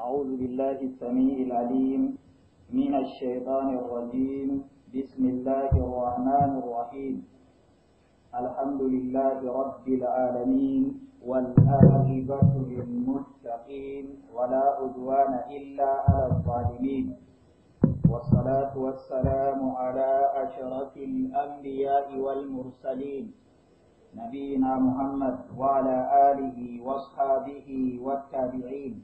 أعوذ بالله السميع العليم من الشيطان الرجيم بسم الله الرحمن الرحيم الحمد لله رب العالمين والآخرة للمتقين ولا عدوان إلا على الظالمين والصلاة والسلام على أشرف الأنبياء والمرسلين نبينا محمد وعلى آله وصحبه والتابعين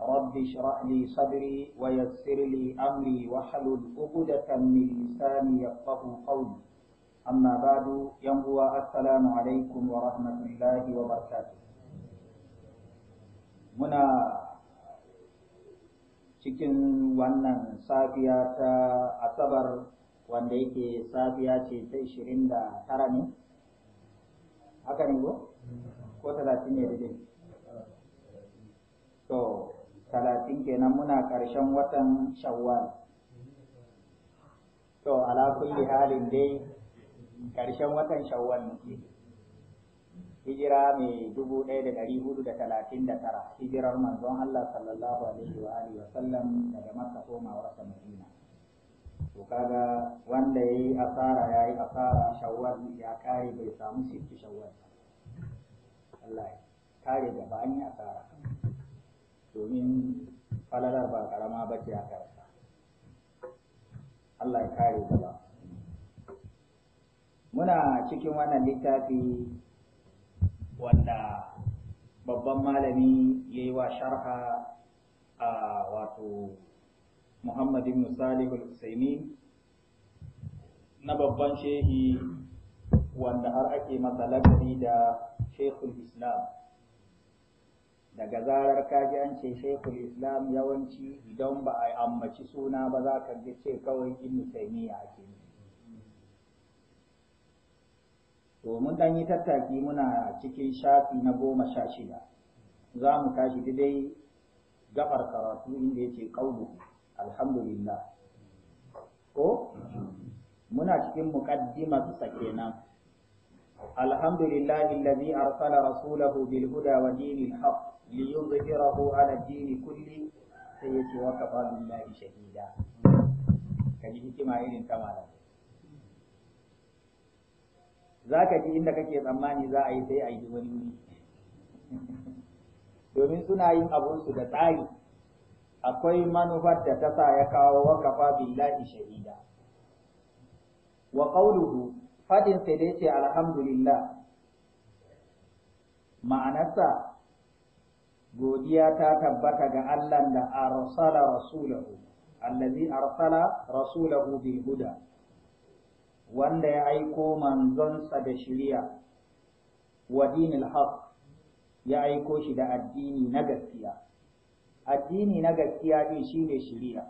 رب اشرح لي صدري ويسر لي أمري واحلل عقدة من لساني يفقه قولي أما بعد ينبوى السلام عليكم ورحمة الله وبركاته منا cikin wannan safiya ta asabar wanda yake safiya ce ta 29 ne haka ne ko ko 30 ne da to talatin kenan muna ƙarshen watan shawwal to ala kulli halin dai ƙarshen watan shawwal muke hijira mai dubu ɗaya da ɗari hudu da talatin da tara hijirar manzon Allah sallallahu alaihi wa alihi wa sallam daga Makka komawar sa Madina to kaga wanda yayi asara yayi asara shawwal ya kare bai samu sitti shawwal Allah kare gaba an yi asara domin falalar ba karama ba ce a karsa Allah ya kare gaba muna cikin wannan littafi wanda babban malami ya yi wa sharha a wato Muhammad ibn Salih al na babban shehi wanda har ake masa lakari da Sheikhul Islam daga zarar ka ji an ce shekul islam yawanci idan ba a ambaci suna ba za ka ji ce kawai ibnu taymiya ake to mun dan yi tattaki muna cikin shafi na goma sha shida za mu tashi dai gabar karatu inda yake kaulu alhamdulillah ko muna cikin muqaddimar sa kenan alhamdulillah alladhi arsala rasulahu bil huda wa dinil haqq liyuzhirahu ala dini kulli sai ce wa kafa billahi shahida kaji hikima irin ta malam ka ji inda kake tsammani za a yi sai a yi wani wuri domin suna yin abunsu da tsari akwai manufar da ta sa ya kawo wa kafa billahi shahida wa qawluhu fadin sai dai ce alhamdulillah ma'anarsa godiya ta tabbata ga Allah da arsala rasulahu allazi arsala rasulahu bil huda wanda ya aiko manzonsa da shiriya wa dinil haq ya aiko shi da addini na gaskiya addini na gaskiya din shine shiriya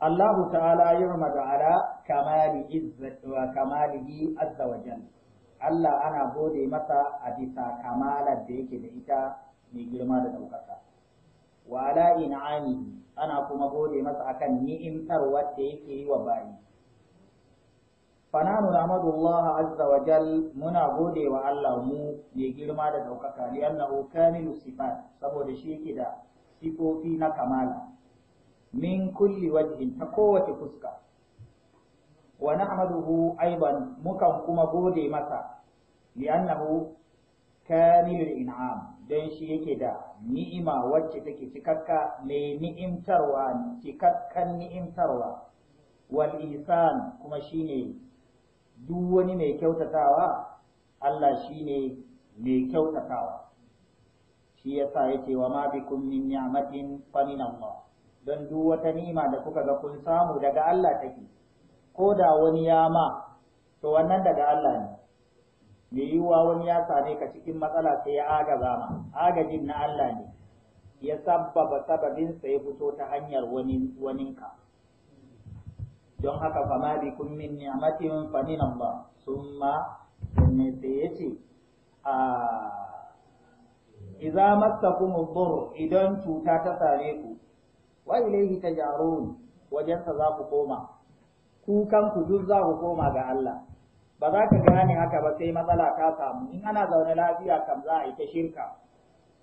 Allah ta'ala yurma ala kamali izzati wa azza wa jalla Allah ana gode masa a bisa kamalar da yake da ita mai girma da ɗaukaka. Wa ala in'ami ana kuma gode masa akan ni'imtar wadda yake yi wa bayi. Fananu Muhammadullah azza wa jal muna gode wa Allah mu mai girma da ɗaukaka li annahu kamilu sifat saboda shi yake da sifofi na kamala min kulli wajhin ta kowace fuska wa na'maduhu aiban mukan kuma gode masa li'annahu kamilul in'am don shi yake da ni'ima wacce take cikakka mai ni'imtarwa cikakkan ni'imtarwa wal ihsan kuma shine duk wani mai kyautatawa Allah shine mai kyautatawa shi yasa yake wa ma bikum min ni'matin fa min Allah don duk wata ni'ima da kuka ga kun samu daga Allah take ko da wani ya ma to wannan daga Allah ne me yiwuwa wani ya same ka cikin matsala sai ya agaza ma agajin na Allah ne ya sabbaba sababin sa ya fito ta hanyar wani waninka don haka fa ma bikum min ni'matin fa min Allah summa sanne sai yace a idza massakum ad-dur idan cuta ta same ku wa ilayhi tajarun wajen sa za ku koma kukan ku duk za ku koma ga Allah ba za ka gane haka ba sai matsala ta samu in ana zaune lafiya kam za a yi ta shirka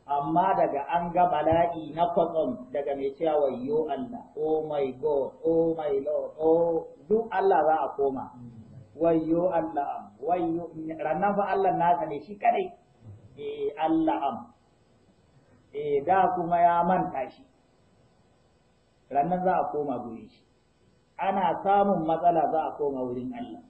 amma daga an ga bala'i na kwatsam daga mai cewa wayyo Allah oh my god oh my lord oh duk Allah za a koma wayyo Allah am wayyo rannan fa Allah na ne shi kare. eh Allah am eh da kuma ya manta shi rannan za a koma gure shi ana samun matsala za a koma wurin Allah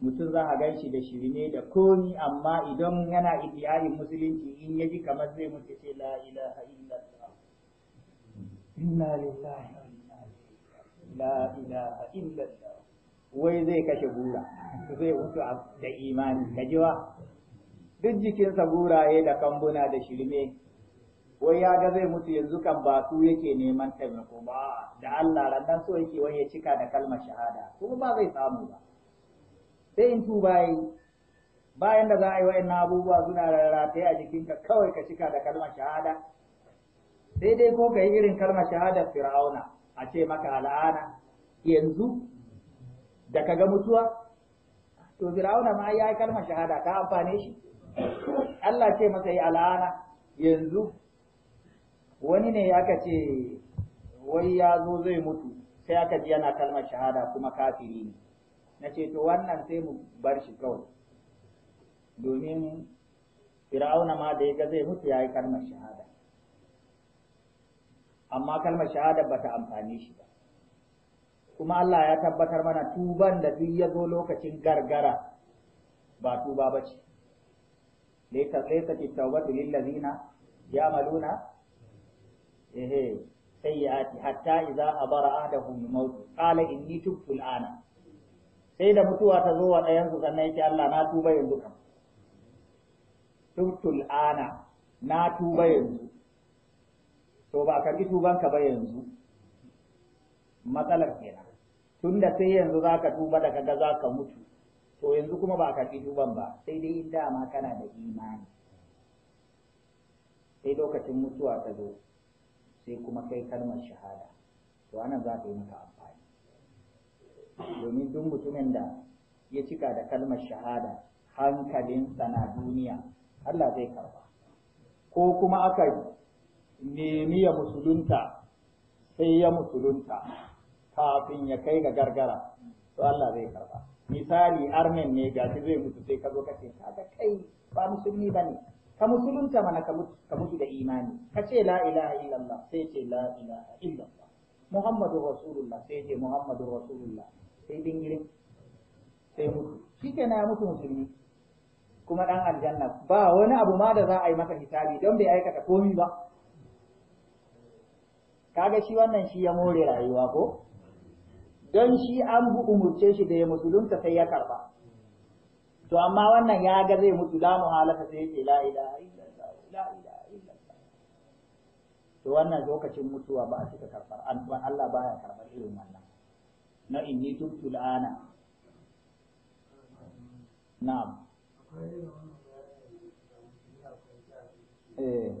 mutum za a gan shi da shirme da komi amma idan yana idiyayin musulunci in ya ji kamar zai mutu sai la ilaha illallah inna lillahi la ilaha illallah wai zai kashe gura zai mutu da imani kajiwa duk jikinsa guraye da kambuna da shirme wai ya ga zai mutu yanzu kan ba su yake neman taimako ba da Allah randan so yake wani ya cika da kalmar shahada kuma ba zai samu ba sai in tu bayi bayan da za a yi wa ina abubuwa suna rarrafe a jikinka kawai ka cika da kalmar shahada sai dai ko ka yi irin kalmar shahada fir'auna a ce maka al'ana yanzu da ka ga mutuwa to fir'auna ma ya yi kalmar shahada ta amfane shi Allah ce masa yi al'ana yanzu wani ne aka ce wai ya zo zai mutu sai aka ji yana kalmar shahada kuma kafiri ne na ce to wannan sai mu bar shi kawai domin fir'auna ma da ya ga zai mutu ya yi kalmar shahada amma kalmar shahada ba ta amfani shi ba kuma Allah ya tabbatar mana tuban da duk ya zo lokacin gargara ba tuba ba ce laysa laysa tawbatu lil ladina maluna sayyi'ati hatta idza abara ahdahum maut qala inni tubtu al'ana sai da mutuwa ta zo wa ɗayan su sannan yake Allah na tuba yanzu kan tubtu al'ana na tuba yanzu to ba ka tuban ka ba yanzu matsalar kenan tunda sai yanzu zaka tuba da kaga zaka mutu to yanzu kuma ba ka tuban ba sai dai in dama kana da imani sai lokacin mutuwa ta zo sai kuma kai kalmar shahada to anan za ta yi maka amfani domin duk mutumin da ya cika da kalmar shahada hankalinsa na duniya Allah zai karba ko kuma aka nemi ya musulunta sai ya musulunta kafin ya kai ga gargara to Allah zai karba misali armen ne gashi zai mutu sai ka zo kace kaga kai ba musulmi bane ka musulunta mana ka mutu da imani ka ce la ilaha illallah sai ce la ilaha illallah muhammadu rasulullah sai ce muhammadu rasulullah sai dingirin sai mutu shi ke na mutu musulmi kuma dan aljanna ba wani abu ma da za a yi masa hisabi don bai aikata komi ba kaga shi wannan shi ya more rayuwa ko don shi an umurce shi da ya musulunta sai ya karba to amma wannan ya ga zai mutu la muhalata sai yake la ilaha illallah la ilaha illallah to wannan lokacin mutuwa ba a cika karbar an Allah baya karbar irin wannan na inni tubtu ana na'am eh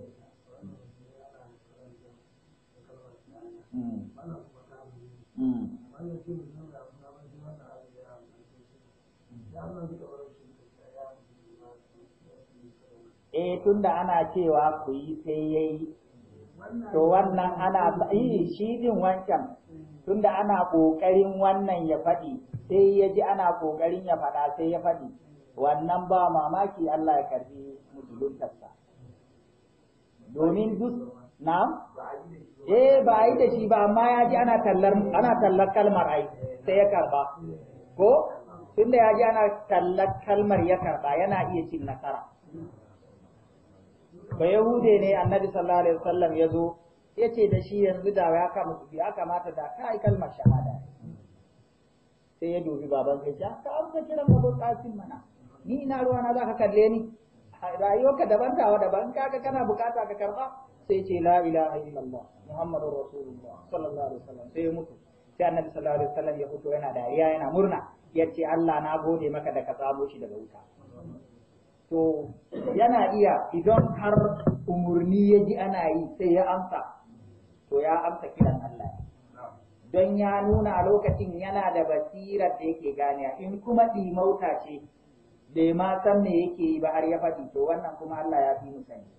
Mm. Mm. eh tunda ana cewa ku yi sai yayi to wannan ana yi eh, shi din wancan tunda ana kokarin wannan ya faɗi sai ya ji ana kokarin ya faɗa sai ya faɗi wannan ba mamaki Allah ya karbi mujuluntarsa domin duk na eh ba a yi da shi ba amma ya ji ana tallar ana tallar kalmar ai sai ya karba ko tunda ya ji ana tallar kalmar ya karba yana iya cin nasara ba yahude ne annabi sallallahu alaihi wasallam ya zo ya ce da shi yanzu da ya kama ya kamata da ka yi kalmar shahada sai ya dubi baban sai ya ah, ka amsa kiran abu kasim mana ni ina ruwa na za kalle ni rayuwarka daban tawa daban kaga kana bukata ka karba sai ce la ilaha illallah muhammadur rasulullah sallallahu alaihi wasallam sai ya mutu sai annabi sallallahu alaihi wasallam ya fito yana dariya yana murna yace Allah na gode maka da ka samu shi daga wuta to yana iya idan har umurni ya ji ana yi sai ya amsa to ya amsa kiran Allah don ya nuna a lokacin yana da basirar da yake gane in kuma ɗimauta ce da ma san me yake yi ba har ya faɗi to wannan kuma Allah ya fi mu sani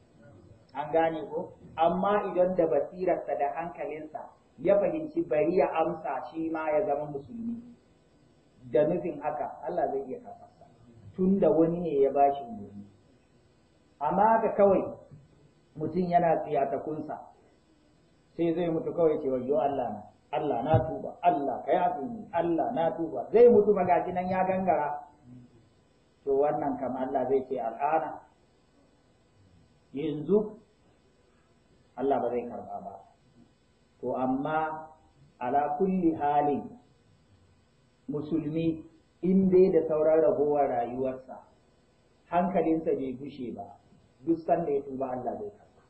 an gane ko amma idan da basirarsa da hankalinsa ya fahimci bari ya amsa shi ma ya zama musulmi da nufin haka Allah zai iya kafa tunda wani ne ya ba shi ne, amma ka kawai mutum yana kunsa sai zai mutu kawai ce wayo Allah na Allah na tuba Allah ka yafi ni Allah na tuba zai mutu ba gashi nan ya gangara to wannan kam Allah zai ce al'ana yanzu Allah ba zai karba ba to amma ala kulli halin musulmi in dai da sauran ragowar rayuwarsa hankalinsa bai gushe ba duk sanda ya tuba Allah zai karɓa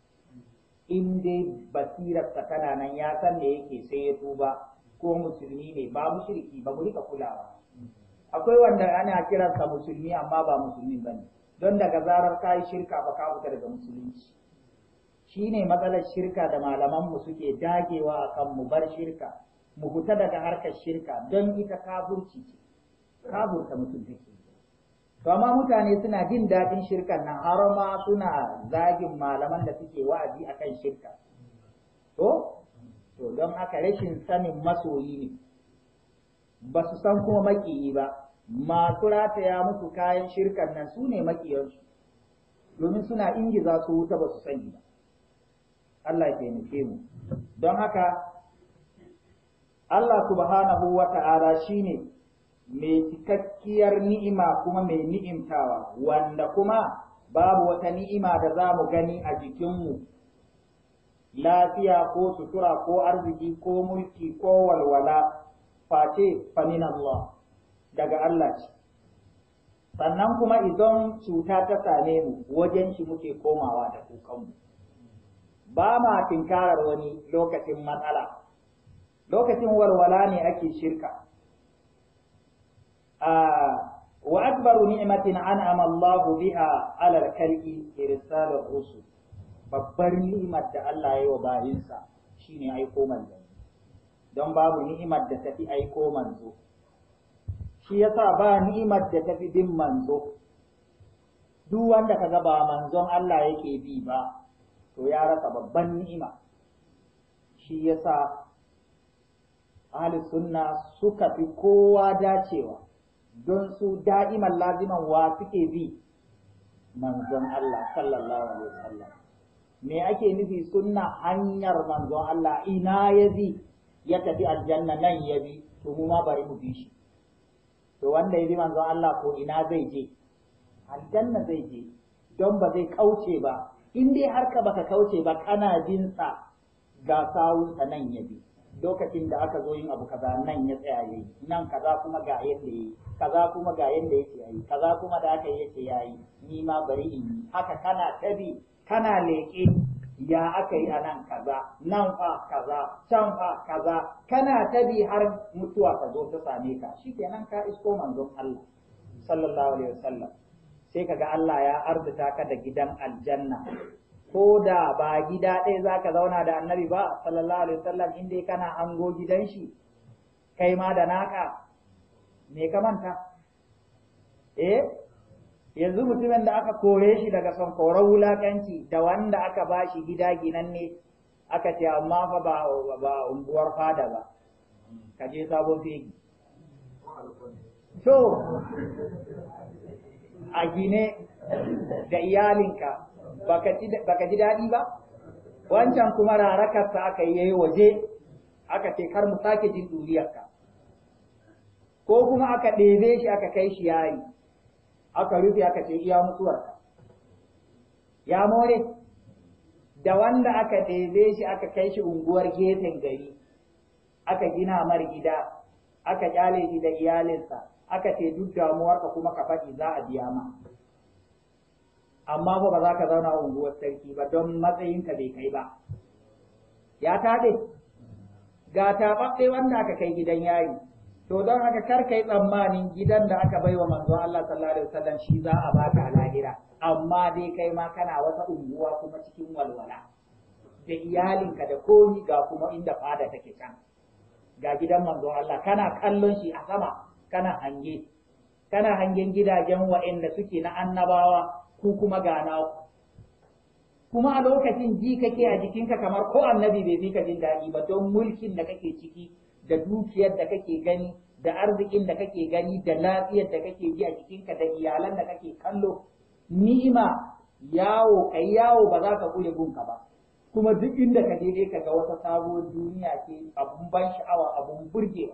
in dai basirarsa tana nan ya san da yake sai ya tuba ko musulmi ne ba mushriki ba mu rika kulawa akwai wanda ana kiransa musulmi amma ba musulmi bane don daga zarar ka shirka ba ka fita daga musulunci Shi ne matsalar shirka da malaman mu suke dagewa akan mu bar shirka mu fita daga harkar shirka don ita kafurci ce kafurta mutum take to amma mutane suna jin daɗin shirkan nan har ma suna zagin malaman da suke wa'azi akan shirka to to don haka rashin sanin masoyi ne ba su san kuma makiyi ba masu rataya musu kayan shirkan nan su ne maƙiyansu domin suna ingiza su wuta ba su sani ba Allah ke taimake mu don haka Allah subhanahu wa ta'ala shine mai cikakkiyar ni'ima kuma mai ni'imtawa wanda kuma babu wata ni'ima da za mu gani a jikinmu lafiya ko sutura ko arziki ko mulki ko walwala face famin Allah daga Allah ce sannan kuma idan cuta ta same mu wajen shi muke komawa da kukanmu ba ma tinkarar wani lokacin matsala lokacin walwala ne ake shirka wa akbaru ni'matin an'ama Allah biha 'ala al-kalbi irsalur rusul babbar ni'imar da Allah ya yi wa bayinsa shine aiko manzo don babu ni'mar da tafi aiko manzo shi yasa ba ni'imar da tafi bin manzo duk wanda kaga ba manzon Allah yake bi ba to ya rasa babban ni'ima shi yasa ahli sunna suka fi kowa dacewa don su da'iman laziman wa suke bi manzon Allah sallallahu alaihi wasallam me ake nufi sunna hanyar manzon Allah ina ya ya tafi aljanna nan ya bi to mu ma bari mu bi shi to wanda ya manzon Allah ko ina zai je aljanna zai je don ba zai kauce ba in dai har ka baka kauce ba kana jinsa ga sawunsa nan ya bi lokacin da aka zo yin abu kaza nan ya tsaya yayi nan kaza kuma ga yadda yi kaza kuma ga yadda yake yayi kaza kuma da aka yake yayi ni ma bari in yi haka kana tabi kana leƙe ya aka yi a nan kaza nan fa kaza can fa kaza kana tabi har mutuwa ka zo ta same ka shikenan ka isko manzon Allah sallallahu alaihi wasallam sai kaga Allah ya arzuta ka da gidan aljanna ko da ba gida ɗaya za ka zauna da annabi ba sallallahu alaihi wasallam inda kana ango gidan shi kai ma da naka me ka manta eh yanzu mutumin da aka kore shi daga son wulakanci da wanda aka ba shi gida ginan ne aka ce amma fa ba unguwar fada ba ka je sabon fegi so a gine da iyalinka baka ji daɗi ba wancan kuma rarakarsa aka yi yayi waje aka ce kar mu sake jin duriyarka ko kuma aka ɗebe shi aka kai shi yayi aka rufe aka ce iya mutuwarka ya more da wanda aka ɗebe shi aka kai shi unguwar gefen gari aka gina mar gida aka kyale shi da iyalinsa aka ce duk damuwarka kuma ka faɗi za a biya ma amma ba za ka zauna unguwar sarki ba don matsayinka bai kai ba ya taɗe? ga taɓaɓɓe wanda aka kai gidan yayi to don haka kar kai tsammanin gidan da aka bai wa manzo Allah sallallahu alaihi shi za a ba ka lahira amma dai kai ma kana wata unguwa kuma cikin walwala da iyalinka da komi ga kuma inda fada take can ga gidan manzo Allah kana kallon shi a sama kana hange kana hangen gidajen wa'anda suke na annabawa ku kuma gana naku kuma a lokacin ji kake a jikinka kamar ko annabi bai fi ka jin daɗi ba don mulkin da kake ciki da dukiyar da kake gani da arzikin da kake gani da lafiyar da kake ji a jikinka da iyalan da kake kallo ni'ima yawo kai yawo ba za ka kure gunka ba kuma duk inda ka daidai ka ga wata sabuwar duniya ce abun ban sha'awa abun burgewa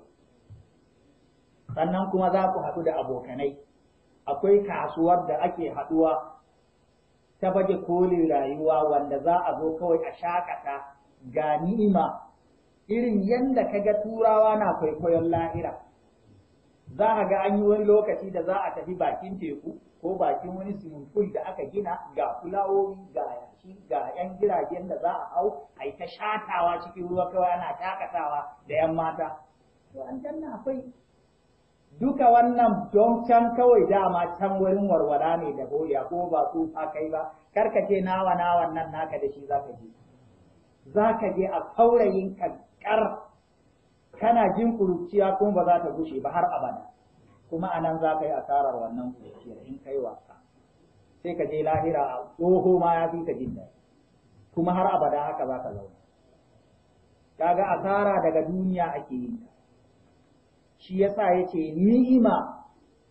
sannan kuma za ku haɗu da abokanai akwai kasuwar da ake haɗuwa ta baje kolin rayuwa wanda za a zo kawai a shakata ga ni'ima irin yadda ka ga turawa na kwaikwayon lahira za a ga an yi wani lokaci da za a tafi bakin teku ko bakin wani swimming da aka gina ga fulawowi ga yashi ga yan jiragen da za a hau a yi ta shatawa cikin ruwa kawai ana shakatawa da yan mata to an akwai duka wannan don can kawai dama can wurin warwara ne da boya ko ba su ta kai ba karka ce nawa nawan nan naka da shi za ka je Za ka je a saurayin kankar kana jin kuruciya kuma ba za ta gushe ba har abada kuma anan za ka yi asarar wannan kuruciyar in kai wasa sai ka je lahira a tsoho ma ya fi ka jin da kuma har abada haka za ka zauna kaga asara daga duniya ake yin ta shi yasa yace ni'ima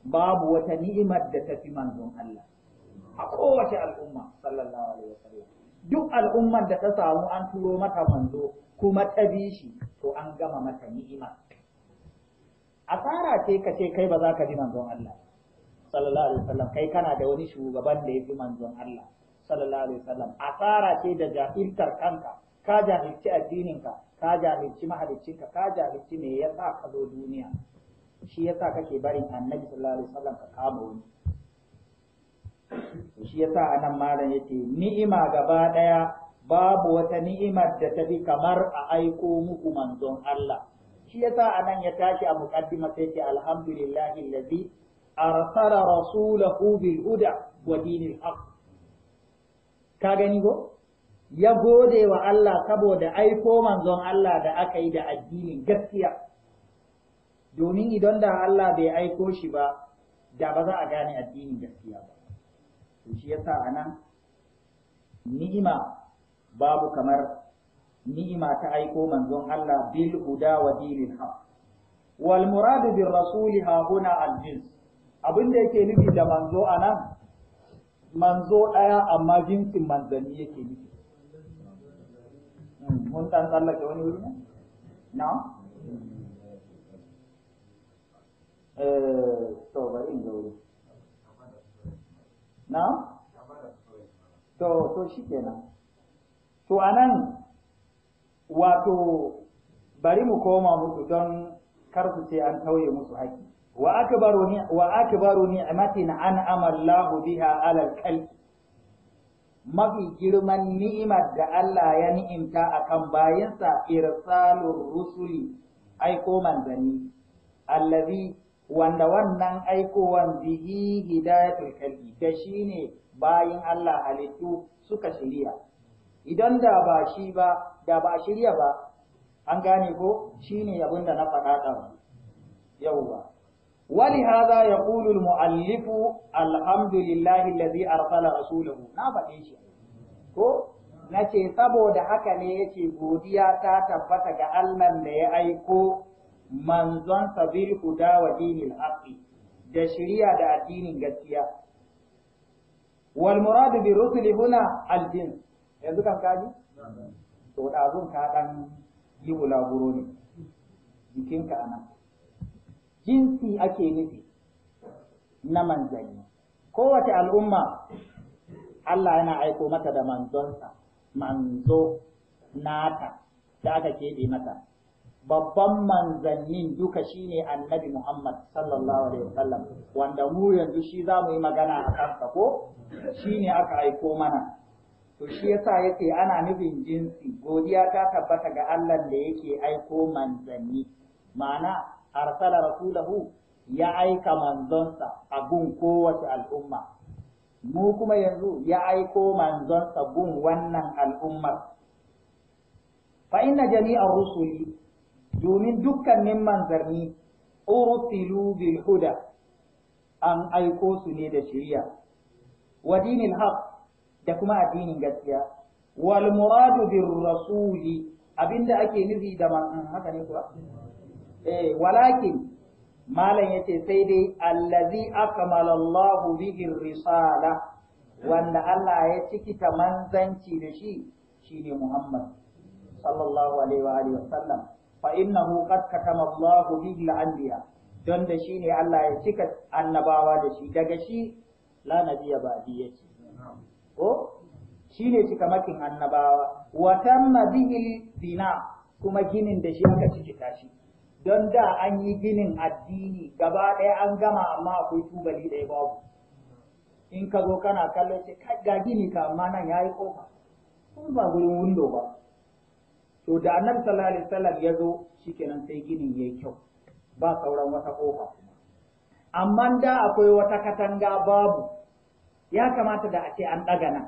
babu wata ni'imar da ta fi manzon Allah a kowace al'umma sallallahu alaihi wasallam duk al'ummar da ta samu an turo mata manzo kuma ta bi shi to an gama mata ni'ima asara ce ka ce kai ba za ka bi manzon Allah sallallahu alaihi wasallam kai kana da wani shugaban da ya fi manzon Allah sallallahu alaihi wasallam asara ce da jahiltar kanka ka jahilci addininka ka jahilci mahaliccinka ka jahilci me yasa ka zo duniya shi sa kake barin annabi sallallahu alaihi wasallam ka kama wani shi a nan malam yace ni'ima gaba ɗaya, babu wata ni'imar da ta fi kamar a aiko muku manzon Allah shi a anan ya tashi a muƙaddima sai ce alhamdulillahi allazi arsala rasulahu bil huda wa dinil haq. ka gani ko? ya gode wa Allah saboda aiko manzon Allah da aka yi da addinin gaskiya domin idan da Allah bai aiko shi ba da ba za a gane addinin gaskiya ba to shi yasa nan ni'ima babu kamar ni'ima ta aiko manzon Allah bil huda wa dinil haq wal murad bir rasul ha huna al jins yake nufi da manzo nan, manzo ɗaya, amma jinsin manzanni yake nufi mun dan tsallake wani wuri ne na to bari in ga wuri na to to shi shikenan to a nan wato bari mu koma musu don kar su ce an tauye musu haƙi wa akbaru ni a matina an an'ama biha 'alal khalqi mafi girman ni'imar da Allah ya ni'imta akan bayansa irsalur rusuli aiko manzanni allazi wanda wannan aikowan bihi hidayatul kalbi da shine bayin Allah halittu suka shirya idan da ba shi ba da ba shirya ba an gane ko shine abin da na faɗa yau yauwa ولهذا يقول المؤلف الحمد لله الذي أرسل رسوله na faɗe shi ko na ce saboda haka ne yace godiya ta tabbata ga Allah da ya aiko manzon sabil huda wa dinil haqqi da shari'a da addinin gaskiya wal bi rusuli huna al jin yanzu to ka dan yi jinsi ake nufi na manzanni kowace al'umma Allah yana aiko mata da manzonsa manzo nata da aka keɓe mata babban manzannin duka shine annabi Muhammad sallallahu alaihi wasallam wanda mu yanzu shi za mu yi magana a kansa ko shine aka aiko mana to shi yasa yake ana nufin jinsi godiya ta tabbata ga Allah da yake aiko manzanni ma'ana arsala rasulahu ya aika manzonsa a gun kowace al'umma mu kuma yanzu ya aiko manzonsa gun wannan al'ummar fa inna jami'ar rusuli domin dukkanin manzarni ursilu bil huda an aiko su ne da shirya. wa dinil haq da kuma addinin gaskiya wal muradu bir rasuli abinda ake nufi da man haka ne kuwa eh walakin malam yace sai dai allazi akmala Allahu bihi risala wanda Allah ya cikita manzanci da shi shine Muhammad sallallahu alaihi wa alihi wasallam fa innahu qad katama Allahu bihi al-anbiya don da ne Allah ya cika annabawa da shi daga shi la nabiyya ba'di yace ko cika makin annabawa wa tamma bihi bina kuma ginin da shi aka cika shi don da an yi ginin addini gaba ɗaya an gama amma akwai tubali ɗaya babu in ka zo kana kallon ce ga gini ka amma nan ya yi ƙofa kuma ba gurin windo ba to da annabi sallallahu alaihi ya zo shikenan sai ginin yayi kyau ba sauran wata ƙofa amma da akwai wata katanga babu ya kamata da a ce an ɗaga nan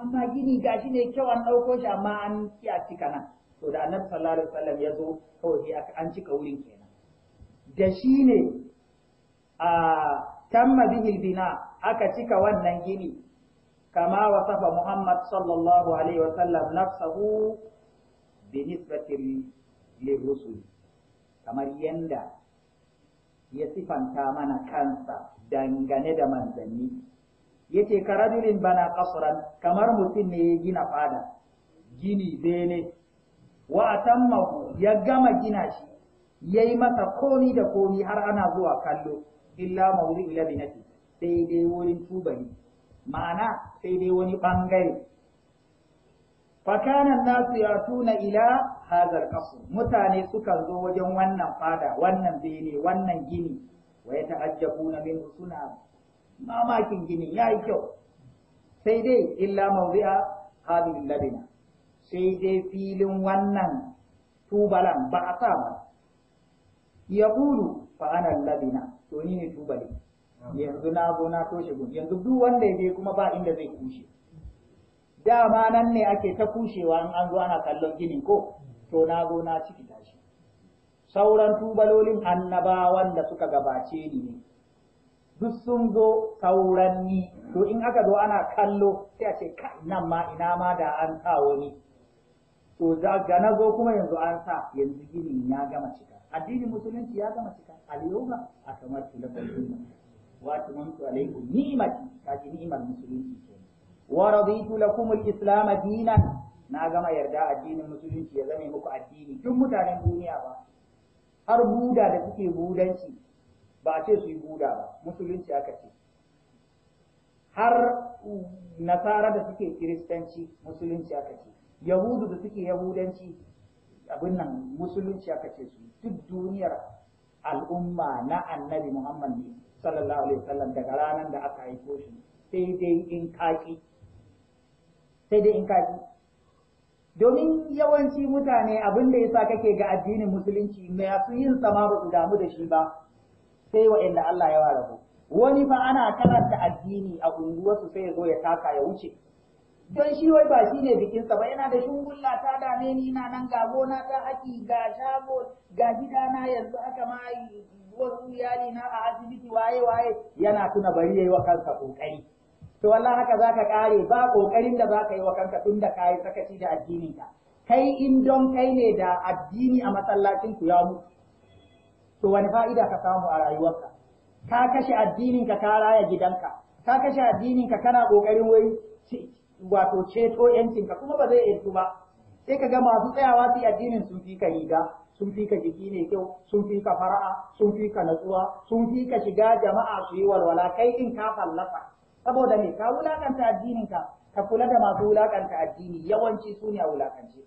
amma gini gashi ne kyau an ɗauko shi amma an a cika nan to da annabi sallallahu alaihi wasallam ya zo kawai sai an cika wurin kenan da shi ne a tamma bihil bina aka cika wannan gini kama wasafa muhammad sallallahu alaihi wasallam nafsahu bi nisbatin lirrusul kamar yanda ya sifanta mana kansa dangane da manzanni yace karadulin bana qasran kamar mutum ne ya gina fada gini bene wa atammahu ya gama gina shi yayi masa komi da komi har ana zuwa kallo illa mawdi'u labinati sai dai wurin tubali ma'ana sai dai wani bangare fakanan nasu ya tuna ila hazar kasu mutane sukan zo wajen wannan fada wannan bene wannan gini wa ya min suna mamakin gini ya yi kyau sai dai illa mawdi'a hadhihi labina sai dai filin wannan tubalan ba a sa ba ya kulu fa ana labina to ni ne tubali yanzu na zo na toshe gun yanzu duk wanda ya je kuma ba inda zai kushe dama nan ne ake ta kushewa in an zo ana kallon ginin ko to na zo na ciki tashi sauran tubalolin annabawan da suka gabace ni ne duk sun zo sauran ni to in aka zo ana kallo sai a ce nan ma ina ma da an tsawo ni? to ga na zo kuma yanzu an sa yanzu ginin ya gama cika addinin musulunci ya gama cika al-yawma akmaltu lakum dinakum wa tumantu alaykum ni'mati ta ji ni'mar musulunci wa raditu lakum al-islam dinan na gama yarda addinin musulunci ya zame muku addini duk mutanen duniya ba har buda da suke budanci ba ce su yi buda ba musulunci aka ce har nasara da suke kiristanci musulunci aka ce yahudu da suke yahudanci abin nan musulunci aka ce su duk duniyar al'umma na annabi muhammad ne sallallahu alaihi wasallam daga ranar da aka haifo shi sai dai in kaki sai dai in kaki domin yawanci mutane abin da yasa kake ga addinin musulunci su yin sama ba su damu da shi ba sai wa'anda Allah ya ware wani fa ana karanta addini a unguwarsu sai ya zo ya taka ya wuce don shi wai ba shi ne bikin sa ba yana da shungulla ta dame ni na nan ga gona ta haki ga shago ga gidana yanzu aka ma wasu iyali na a asibiti waye waye yana tuna bari yayi wa kansa kokari to wallahi haka zaka kare ba kokarin da zaka yi wa kanka tunda kai sakaci da addinin ka kai in don kai ne da addini a masallacin ku ya to wani fa'ida ka samu a rayuwarka ka kashe addinin ka raya gidanka ka kashe addininka kana kokarin wai wato ceto ka kuma ba zai yantu ba sai ka ga masu tsayawa su addinin sun fi ka riga sun fi ka jiki ne kyau sun fi ka fara'a sun fi ka natsuwa sun fi ka shiga jama'a su yi walwala kai in ka fallafa saboda me ka wulakanta addinin ka ka kula da masu wulakanta addini yawanci su ne a wulakance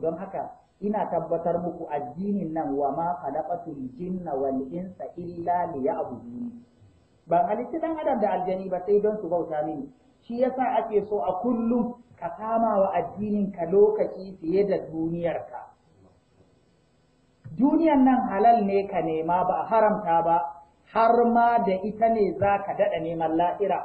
don haka ina tabbatar muku addinin nan wa ma khalaqatul jinna wal insa illa liya'budun ban halitta dan adam da aljani ba sai don su bauta mini shi yasa ake so a kullum ka kama wa addinin ka lokaci fiye da duniyarka Duniyar nan halal ne ka nema ba a haramta ba har ma da ita ne za ka daɗa neman la'ira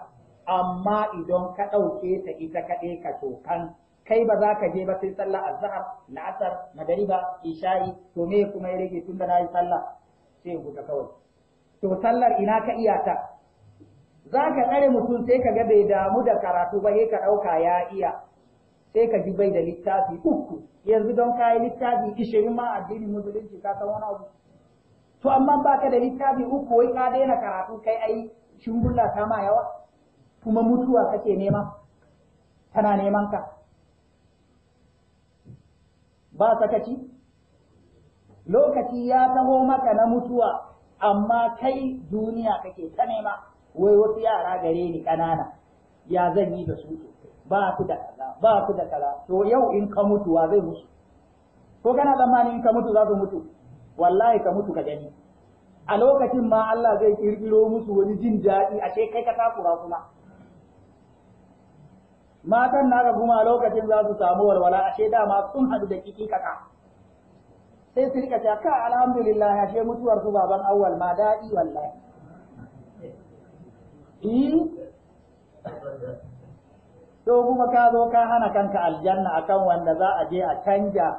amma idan ka ɗauke ta ita kaɗai ka cokan kai ba za ka je ba sai sallah azhar la'asar magariba isha'i to me kuma ya rage tun da na yi sallah sai in huta kawai to sallar ina ka iyata za ka tsare mutum sai ka ga bai damu da karatu ba sai ka ɗauka ya iya sai ka ji bai da littafi uku yanzu don ka yi littafi ishirin ma addinin musulunci ka san wani abu to amma ba ka da littafi uku wai ka daina karatu kai ai shungulla ta ma yawa kuma mutuwa kake nema tana neman ka ba sakaci lokaci ya taho maka na mutuwa amma kai duniya kake ta nema wai wasu yara gare ni ƙanana ya zan yi da su ba ku da kaza ba ku da kaza to yau in ka mutu wa zai mutu ko kana tsammanin in ka mutu za su mutu wallahi ka mutu ka gani a lokacin ma Allah zai kirkiro musu wani jin daɗi a kai ka takura kuma matan na ga kuma a lokacin za su samu walwala ashe dama sun haɗu da kiki kaka sai su rika ta ka alhamdulillah ashe mutuwar su baban awwal ma daɗi wallahi to kuma ka zo ka hana kanka aljanna akan wanda za a je a canja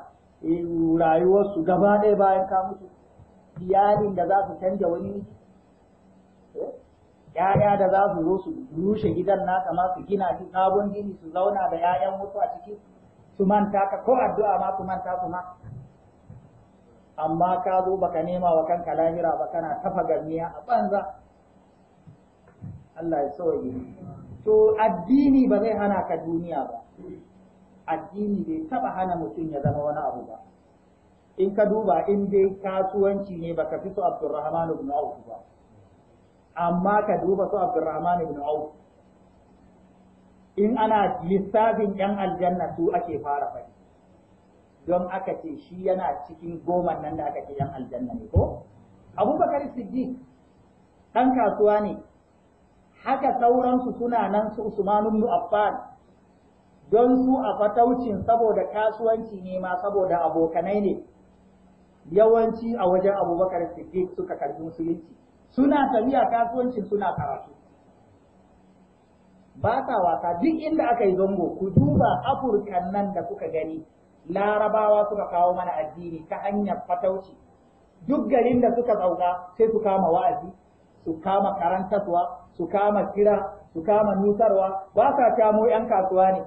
eh, rayuwarsu gaba ɗaya bayan ka mutu iyalin da za su canja wani ‘ya'ya eh, da za su zo su rushe gidan naka ma su gina shi sabon gini su zauna da ‘ya'yan wasu a ciki su manta ka ko addu'a ma su manta su ma amma ka zo baka nema wa kanka lahira ba kana tafa ganniya a banza Allah ya sauye to addini ba zai hana ka duniya ba addini bai taba hana mutum ya zama wani abu ba in ka duba in dai kasuwanci ne baka fi su Abdurrahman ibn Auf ba amma ka duba su Abdurrahman ibn Auf in ana lissafin yan aljanna su ake fara fari don aka ce shi yana cikin goma nan da aka ce yan aljanna ne ko Abubakar Siddiq ɗan kasuwa ne haka sauransu suna nan su Usman ibn Affan don su a fataucin saboda kasuwanci ne ma saboda abokanai ne yawanci a wajen Abubakar Siddiq suka karbi musulunci suna tafiya kasuwancin suna karatu ba sa wasa duk inda aka yi zango ku duba afurkan nan da kuka gani larabawa suka kawo mana addini ta hanyar fatauci duk garin da suka sauka sai su kama wa'azi su kama karantarwa su kama kira su kama nusarwa ba sa kamo yan kasuwa ne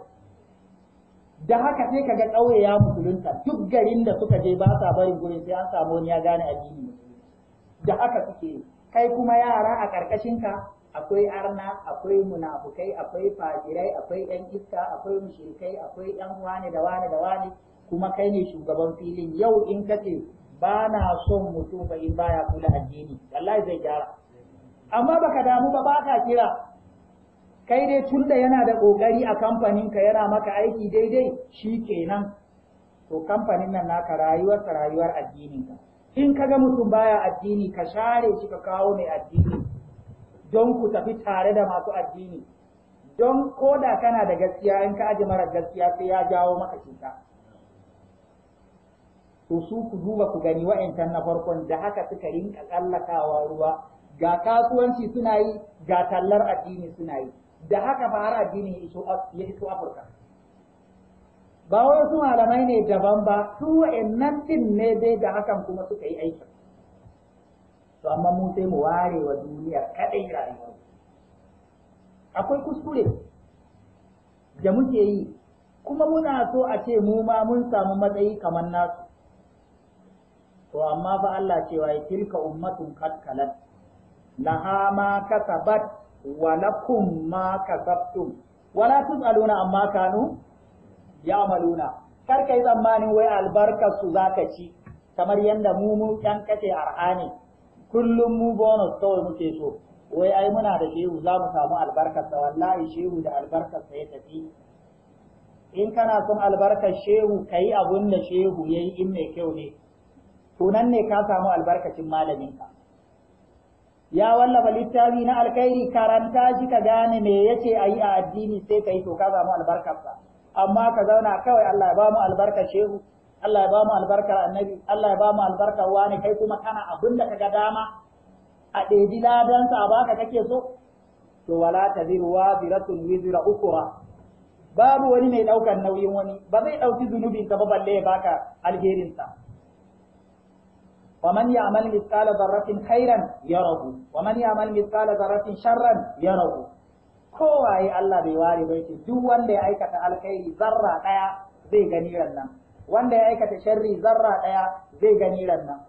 da haka sai kaga ƙauye ya musulunta duk garin da suka je ba sa barin gurin sai an samu wani ya gane addini da haka suke kai kuma yara a ka akwai arna akwai munafukai akwai fajirai akwai yan iska akwai mushrikai akwai yan wani da wani da wani kuma kai ne shugaban filin yau in kace ba na son mutum ba in baya kula addini wallahi zai gyara amma baka damu ba baka kira kai dai tunda yana da kokari a kamfanin ka yana maka aiki daidai shi kenan to kamfanin nan naka rayuwar ka rayuwar addinin ka in kaga mutum baya addini ka share shi ka kawo mai addini don ku tafi tare da masu addini don koda kana da gaskiya in ka aji mara gaskiya sai ya jawo maka cuta to su ku duba ku gani wa'ancan na farkon da haka suka rinka tsallakawa ruwa ga kasuwanci suna yi ga tallar addini suna yi da haka fara addini ya iso afirka ba wasu malamai ne daban ba su wa'annan din ne dai da hakan kuma suka yi aiki to amma mu sai mu ware wa duniya kadai rayuwa akwai kuskure da muke yi kuma muna so a ce mu ma mun samu matsayi kamar nasu to amma fa Allah cewa ya tilka ummatun qad laha ma kasabat wa lakum ma kasabtum wala tusaluna amma kanu ya'maluna kar kai tsammanin wai albarkar su zaka ci kamar yanda mu mu yan kace arhani kullum mu bonus kawai muke so wai ai muna da shehu za mu samu albarkarsa wallahi shehu da albarkarsa ya tafi in kana son albarkar shehu ka yi abun da shehu ya yi in mai kyau ne to nan ne ka samu albarkacin malaminka ya wallafa littafi na alkhairi karanta shi ka gane me yace ayi a addini sai kai to ka samu albarkarsa amma ka zauna kawai Allah ya ba mu albarkar shehu Allah ya ba mu albarkar annabi Allah ya ba mu albarkar wani kai kuma kana abin da kaga dama a ɗebi ladansa a baka kake so to wala taziru waziratun wizra ukra babu wani mai ɗaukar nauyin wani ba zai ɗauki zunubin ka ba balle ya baka alherinsa ومن يعمل مثقال ذرة خيرا يره ومن يعمل مثقال ذرة شرا يره kowaye Allah bai ware ba yake duk wanda ya aikata alkhairi zarra daya zai gani rannan wanda ya aikata sharri zarra daya zai gani rannan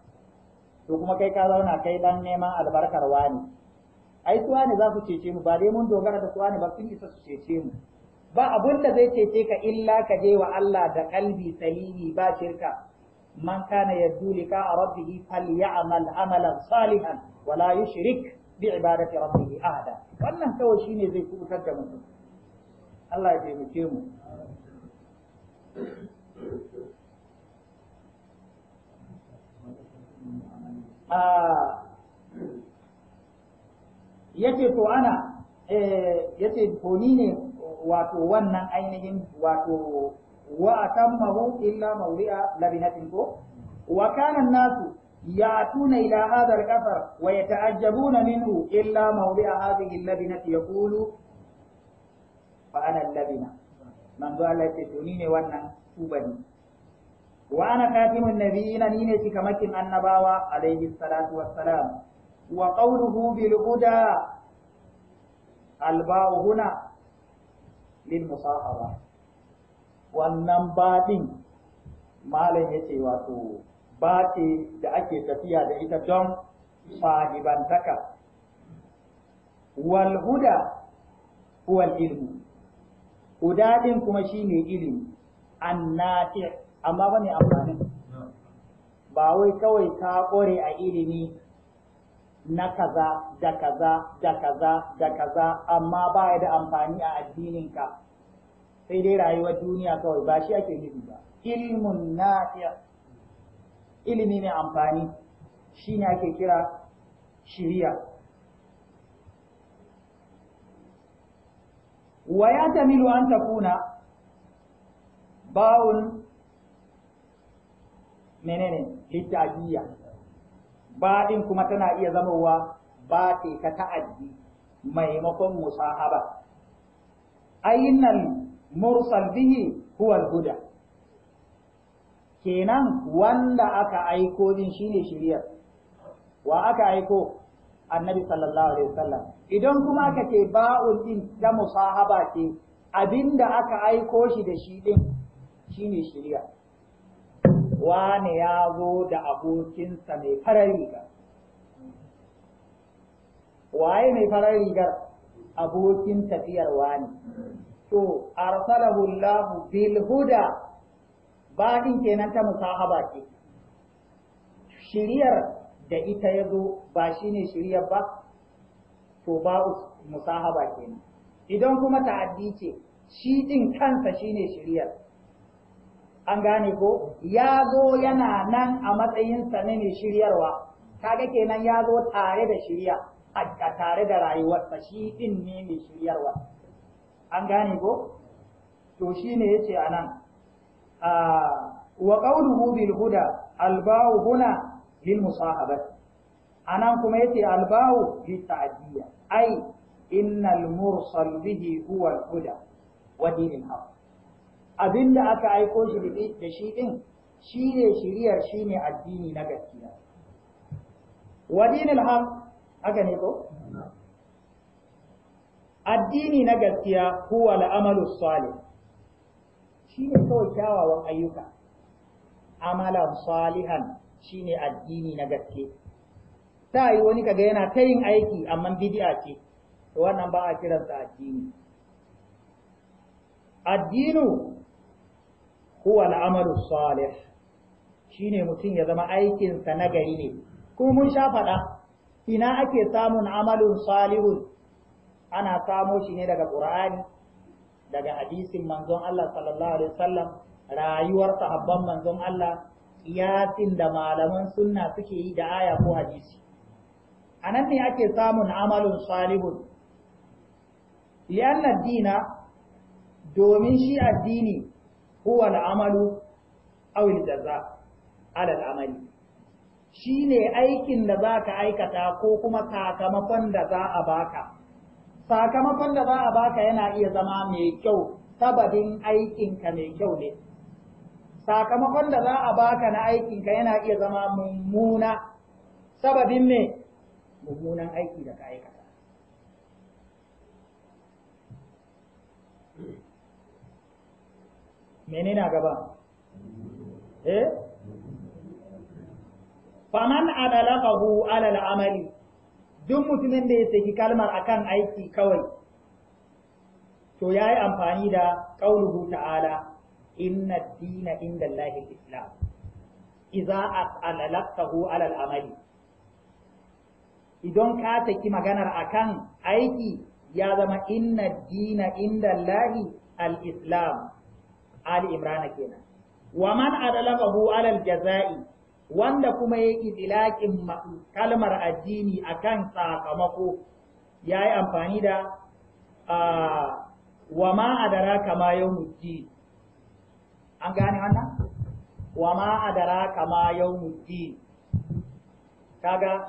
to kuma kai ka zauna kai dan neman albarkar wani ai su wani za su cece mu ba dai mun dogara da su wani ba sun isa su cece mu ba abun zai cece ka illa ka je wa Allah da kalbi salimi ba shirka man kana yarju liqa rabbih falyamal amalan salihan wala yushrik bi ibadati rabbih ahada wannan kawai shine zai kubutar da mutum Allah ya mu yace to ana yace to ni ne wato wannan ainihin wato wa atammahu illa mawdi'a labinatin ko wa kana an-nasu يأتون إلى هذا الكفر ويتعجبون منه إلا موضع هذه اللبنة يقول فأنا اللبنة من ذو الله تسونيني وانا سوبني وأنا خاتم النبيين نيني تكمكن النباوة عليه الصلاة والسلام وقوله بالهدى الباء هنا للمصاحبة wannan baɗin malam ya ce wato ce da ake tafiya da ita don sahibantaka Walhuda, huda huwal ilmu huda din kuma shine ilimi annati amma ba ne amfanin ba wai kawai ka ƙware a ilimi na kaza da kaza da kaza da kaza amma ba da amfani a addininka sai dai rayuwar duniya kawai ba shi ake nufi ba ilmun nafi'a ilimi mai amfani shine ake kira shiriya wa tamilu an kuna bawun menene littafiya baɗin kuma tana iya zamowa ba ta ta'addi maimakon musahaba ainal mursal bihi huwa al-huda kenan wanda aka aiko din shine shiriyar wa aka aiko annabi sallallahu alaihi wasallam idan kuma aka ce ba'ul din ta musahaba ke abinda aka aiko shi da shi din shine shiriyar. wane ya zo da abokinsa mai farar riga waye mai farar rigar abokin tafiyar wani to arsalahu Allah bil huda baɗin kenan ta musahaba ce shiriyar da ita ya zo ba shine shiriyar ba to ba musahaba kenan idan kuma ta'addi ce shi din kansa shine shiriyar an gane ko ya zo yana nan a matsayin sa ne shiryarwa kaga kenan ya zo tare da shirya a tare da rayuwarsa shi ɗin ne mai shiryarwa an gane ko to shine yace anan a wa qawluhu bil huda al ba'u huna lil musahabati anan kuma yace al ba'u lit ta'diyya ai innal mursal bihi huwa al huda wa dinil abinda aka aiko shi da shi din shine shiriyar shine addini na gaskiya wa dinil haqq haka ne ko addini na gaskiya huwa al'amalu salih shine kawai kyawawan ayyuka amalan salihan shine addini na gaske ta yi wani kaga yana ta yin aiki amma bid'a ce to wannan ba a kiransa addini addinu huwa al'amalu salih shine mutum ya zama aikinsa gari ne kuma mun sha faɗa ina ake samun amalun salihun ana samo shi ne daga qur'ani daga hadisin manzon Allah sallallahu alaihi wasallam rayuwar sahabban manzon Allah kiyasin da malaman sunna suke yi da aya ko hadisi anan ne ake samun amalun salihun li'anna dina domin shi addini huwa al'amalu aw al-jaza ala amali shine aikin da za ka aikata ko kuma sakamakon da za a baka sakamakon da za a baka yana iya zama mai kyau sababin aikinka mai kyau ne sakamakon da za a baka na aikinka yana iya zama mummuna sababin ne mummunan aiki da ka aikata mene na gaba eh faman adalaqahu ala al-amali duk mutumin da ya saki kalmar akan aiki kawai to ya yi amfani da ƙauluhu ta'ala inna dina inda Allahi islam iza alalaktahu alal amali idan ka saki maganar akan aiki ya zama inna dina inda lahi al-islam Ali Imrana kenan wa man adalabahu alal jaza'i wanda kuma ya itilaƙin kalmar addini akan sakamako ya yi amfani da wa ma adara kama mutu an gane wannan wa ma adara kama mutu kaga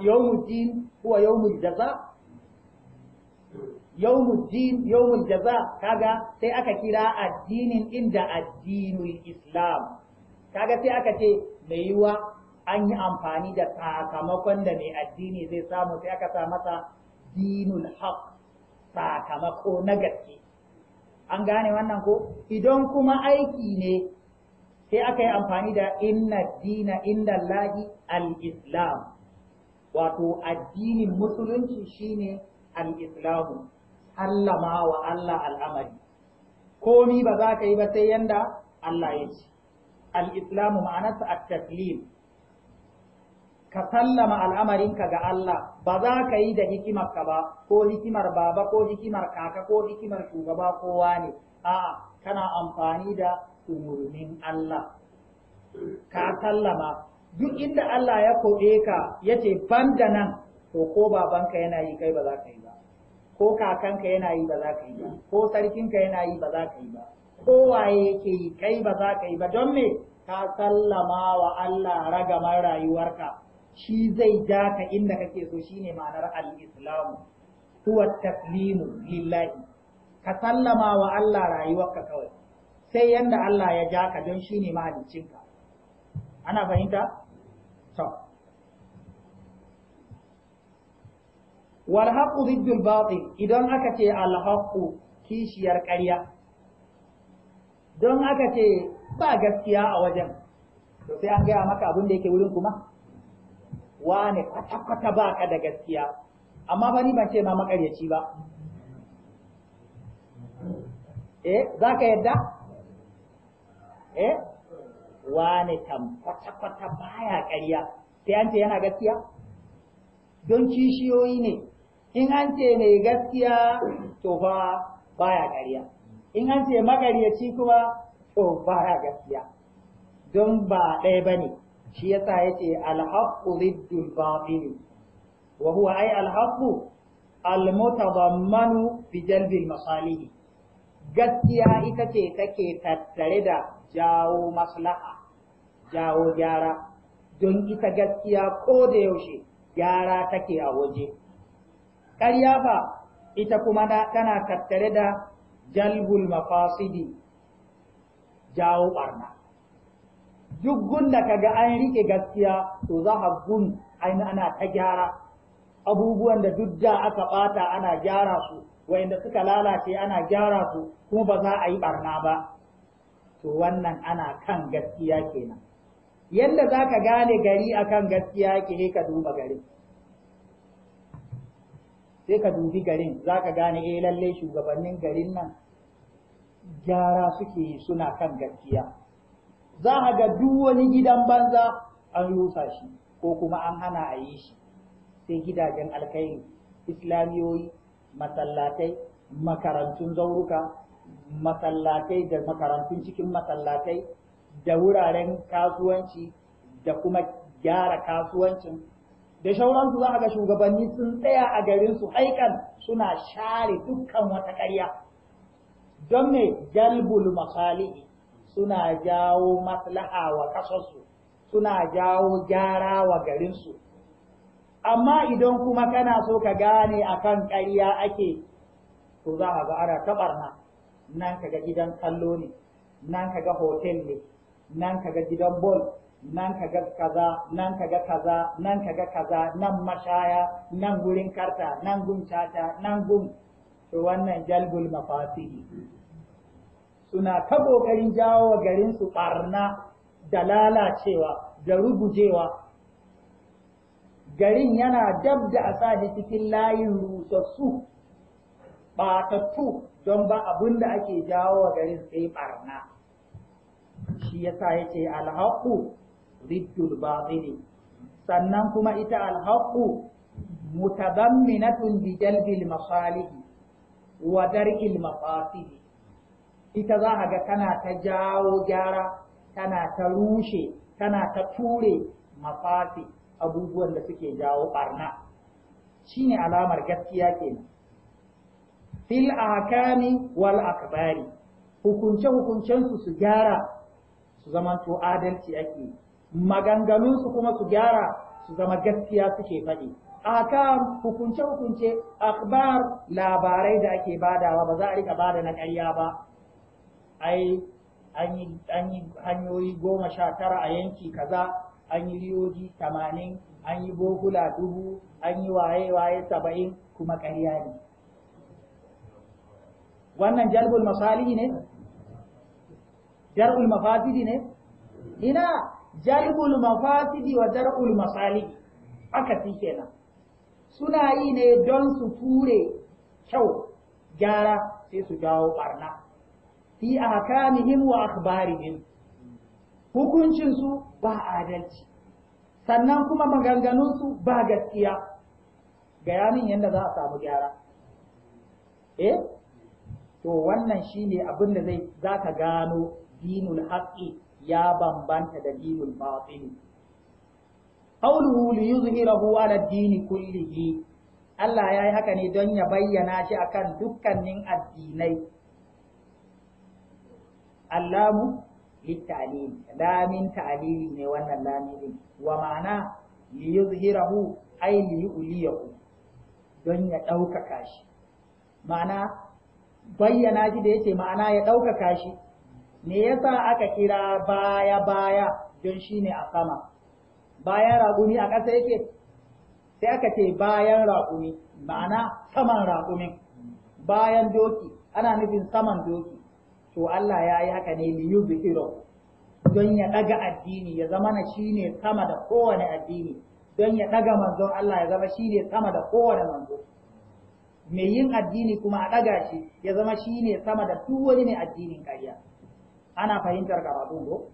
kuwa yau mutu jaza yawmuddin yawmul jaza kaga sai aka kira addinin inda addinul islam kaga sai aka ce mai yiwa an yi amfani da sakamakon da mai addini zai samu sai aka sa masa dinul haq sakamako na gaske an gane wannan ko idan kuma aiki ne sai aka yi amfani da inna dina inda lahi al-islam wato addinin musulunci shine al Allah ma wa Allah al'amari komi ba za ka yi ba sai yanda Allah ya ce al ma'anarsa at-taslim ka sallama al'amarinka ga Allah ba za ka yi da hikimarka ba ko hikimar baba ko hikimar kaka ko hikimar shugaba kowa ne a'a kana amfani da umurnin Allah ka sallama duk inda Allah ya koɗe ka ya ce ban da nan to ko babanka yana yi kai ba za ka yi ba ko kakanka yana yi ba za ka yi ba ko sarkinka yana yi ba za ka yi ba kowaye yake yi kai ba za ka yi ba don me ka sallama wa Allah ragamar rayuwarka shi zai ja ka inda kake so shine ma'anar al kuwa taslimu lillahi ka sallama wa Allah rayuwarka kawai sai yanda Allah ya ja ka don shine mahaliccinka ana fahimta to wal haqqu ziddul idan aka ce al haqqu kishiyar ƙarya don aka ce ba gaskiya a wajen to sai an gaya maka abin da yake wurin kuma wane kwata-kwata ba ka da gaskiya amma ba ni ban ce ma makaryaci ba eh za ka yadda eh wane kam kwata-kwata ya karya, sai an ce yana gaskiya don kishiyoyi ne in an ce mai gaskiya to ba ya karya, in an ce makaryaci kuma to ba ya gaskiya don ba ɗaya ba ne shi yasa yace al-haqqu ziddul batil wa huwa ay al-haqqu al-mutadammanu bi jalbi al-masalih gaskiya ita ce take tattare da jawo maslaha jawo gyara don ita gaskiya ko da yaushe gyara take a waje ƙarya fa ita kuma tana tattare da jalbul mafasidi jawo ɓarna. duk gunda kaga an rike gaskiya to za a gun aini ana ta gyara abubuwan da duk da aka bata ana gyara su wayanda suka lalace ana gyara su kuma ba za a yi barna ba to wannan ana kan gaskiya kenan yadda za ka gane gari akan gaskiya ke ka duba garin sai ka dubi garin za ka gane eh lallai shugabannin garin nan gyara suke suna kan gaskiya za a ga duk wani gidan banza an rusa shi ko kuma an hana a yi shi sai gidajen alkhairi islamiyoyi masallatai makarantun zauruka masallatai da makarantun cikin masallatai da wuraren kasuwanci da kuma gyara kasuwancin da shauransu za a ga shugabanni sun tsaya a garin su haikan suna share dukkan wata ƙarya don ne galbul makali'i suna jawo maslaha wa kasarsu suna jawo gyara wa garinsu amma idan kuma kana so ka gane akan ƙarya ake to za ka ga ana tabarna nan kaga gidan kallo ne nan kaga hotel ne nan kaga gidan bol nan kaga kaza nan kaga kaza nan kaga kaza nan mashaya nan gurin karta nan gun caca nan gun to wannan jalbul mafasihi suna ta ƙoƙarin jawo wa garinsu ɓarna da lalacewa da rugujewa garin yana dab da a cikin layin rusassu ɓatattu don ba abin da ake jawo wa garin sai ɓarna shi yasa ya ce alhaƙu riddul batili sannan kuma ita alhaƙu mutabamminatun bi jalbil masalihi wa dar'il mafasidi ita za a ga tana ta jawo gyara tana ta rushe tana ta ture mafafi abubuwan da suke jawo barna ne alamar gaskiya kenan fil akami wal akbari hukunce hukuncensu su gyara su zama to adalci ake maganganunsu kuma su gyara su zama gaskiya suke faɗi akam hukunce hukunce akbar labarai da ake badawa ba za a rika bada na ƙarya ba ai an yi hanyoyi goma sha tara a yanki kaza an yi riyoji tamanin an yi bohula dubu an yi waye-waye saba'in kuma ƙarya ne wannan jalbul masalihi ne jar'ul mafasidi ne ina jalbul mafasidi wa jar'ul masalihi aka fi kenan suna yi ne don su ture kyau gyara sai su jawo barna fi ahkamihim wa akhbarihim hukuncin su ba adalci sannan kuma maganganun su ba gaskiya ga yamin yadda za a samu gyara eh to wannan shine abin da zai zaka gano dinul haqqi ya bambanta da dinul batili qawluhu li yuzhirahu ala dini kullihi Allah ya yi haka ne don ya bayyana shi akan dukkanin addinai allamu littalili lamin ta'lili ne wannan lamin wa ma'ana li yuzhirahu ay li yuliyahu don ya ɗaukaka shi ma'ana bayyana shi da yace ma'ana ya ɗaukaka shi me yasa aka kira baya baya don shine a sama bayan raƙumi a ƙasa yake sai aka ce bayan raƙumi ma'ana saman raƙumin bayan doki ana nufin saman doki to Allah ya yi haka ne li yuzhiru don ya daga addini ya zama na ne sama da kowane addini don ya daga manzon Allah ya zama shi ne sama da kowane manzo mai yin addini kuma a daga shi ya zama shi ne sama da duk wani mai addinin kariya ana fahimtar karatu ko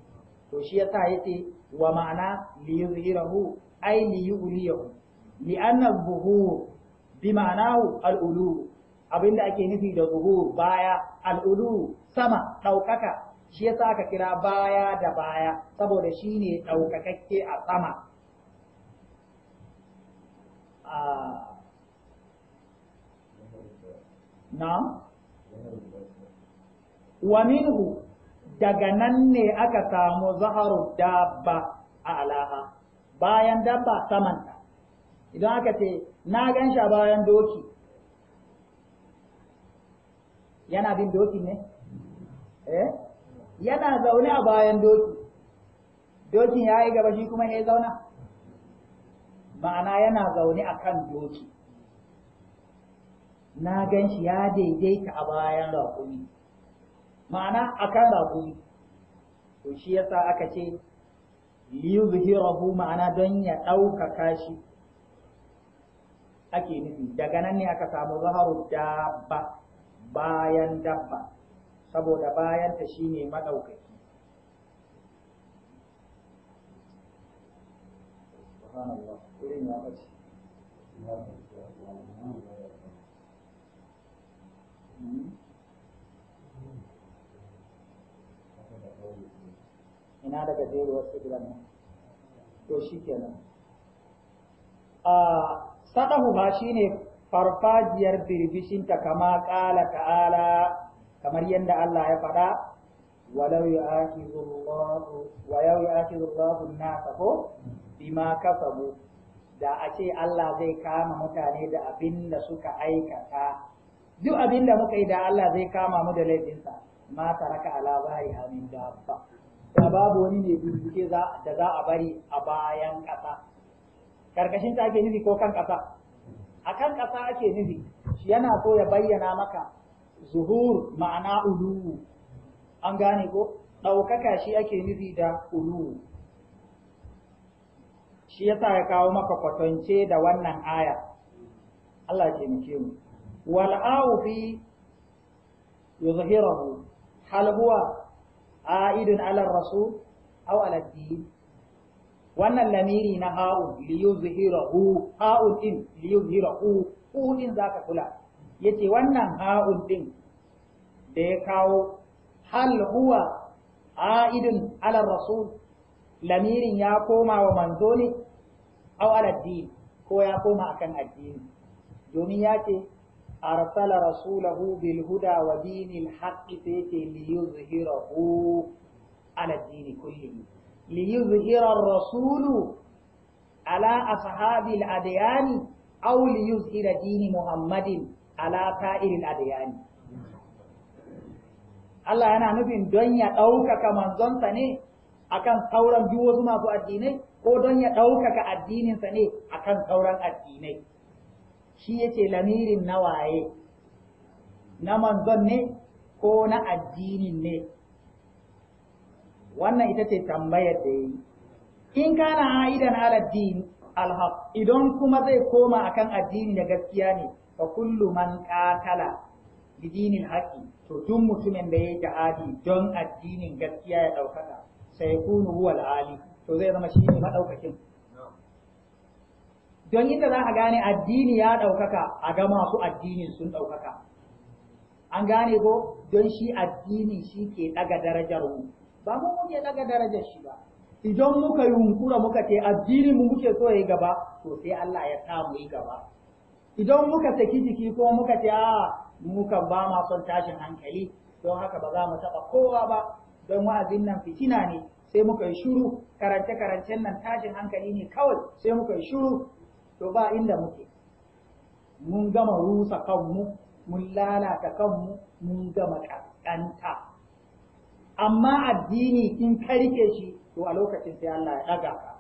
to shi yasa yace wa ma'ana li yuzhirahu ay li yuliyahu li anna zuhur bi ma'anahu al-ulu abinda ake nufi da zuhur baya al-ulu sama ɗaukaka shi yasa aka kira baya da baya saboda shi ne ɗaukakakke a sama ah. na wa minhu daga nan ne aka samu zaharu dabba a alaha bayan dabba samanta idan aka ce na gan bayan doki yana bin doki ne Eh? yana zaune a bayan doki dokin ya yi gaba shi kuma ya zauna ma'ana yana zaune a kan doki na gan shi ya daidaita a bayan raƙumi ma'ana a kan raƙumi to shi yasa aka ce liyuzhirahu ma'ana don ya ɗaukaka shi ake nufi daga nan ne aka samu zaharu dabba bayan dabba saboda bayan ta shine madaukaki subhanallah irin ya bace ina daga jeruwar sigilan nan to shi kenan a sadahu ba shine farfajiyar birbishinta kama ƙala ta'ala kamar yadda Allah ya faɗa walau yu'akhidullahu wa yaw yu'akhidullahu an-nasa ko bima kasabu da a ce Allah zai kama mutane da abin da suka aikata duk abin da muka yi da Allah zai kama mu da laifinsa ma raka ala zahiri amin ba da babu wani ne bincike da za a bari a bayan ƙasa karkashin ta ake nufi ko kan ƙasa a kan ƙasa ake nufi yana so ya bayyana maka zuhur ma'ana ulu an gane ko ɗaukaka shi ake nufi da ulu shi yasa ya kawo maka kwatance da wannan aya Allah ya ce muke mu wal awfi yuzhirahu hal huwa aidun ala rasul aw ala din wannan lamiri na ha'un li yuzhirahu ha'un din li yuzhirahu hu din zaka kula yace wannan ha'un din da ya kawo hal huwa a'idun ala rasul lamirin ya koma wa manzo ne aw ala din ko ya koma akan addini domin ya ce arsala rasulahu bil huda wa dinil haqqi sai ce liyuzhirahu ala dini kullihi liyuzhira ar-rasulu ala ashabil adyani aw liyuzhira dini muhammadin ala ta'iril adiyani Allah yana nufin don ya ɗaukaka manzonsa ne akan sauran duk wasu masu addinai ko don ya ɗaukaka addininsa ne akan sauran addinai shi yace lamirin na waye na manzon ne ko na addinin ne wannan ita ce tambayar da yi in kana aidan ala din alhaq idan kuma zai koma akan addini da gaskiya ne fa kullu man qatala bi dinil haqqi to duk mutumin da yayi jihadi don addinin gaskiya ya daukaka sai kunu huwa al-ali to zai zama shi ne madaukakin don inda za a gane addini ya daukaka a ga masu addinin sun daukaka an gane ko don shi addini shi ke daga darajar mu ba mu muke daga darajar shi ba idan muka yunkura muka ce addini mu muke so yayi gaba to sai Allah ya sa mu yi gaba idan muka saki jiki ko muka ce a muka ba ma son tashin hankali don haka ba za mu taɓa kowa ba don wa'azin nan fitina ne sai muka yi shuru karance karancen nan tashin hankali ne kawai sai muka yi shuru to ba inda muke mun gama rusa kanmu mun lalata kanmu mun gama ƙanƙanta amma addini kin karike shi to a lokacin sai Allah ya ɗaga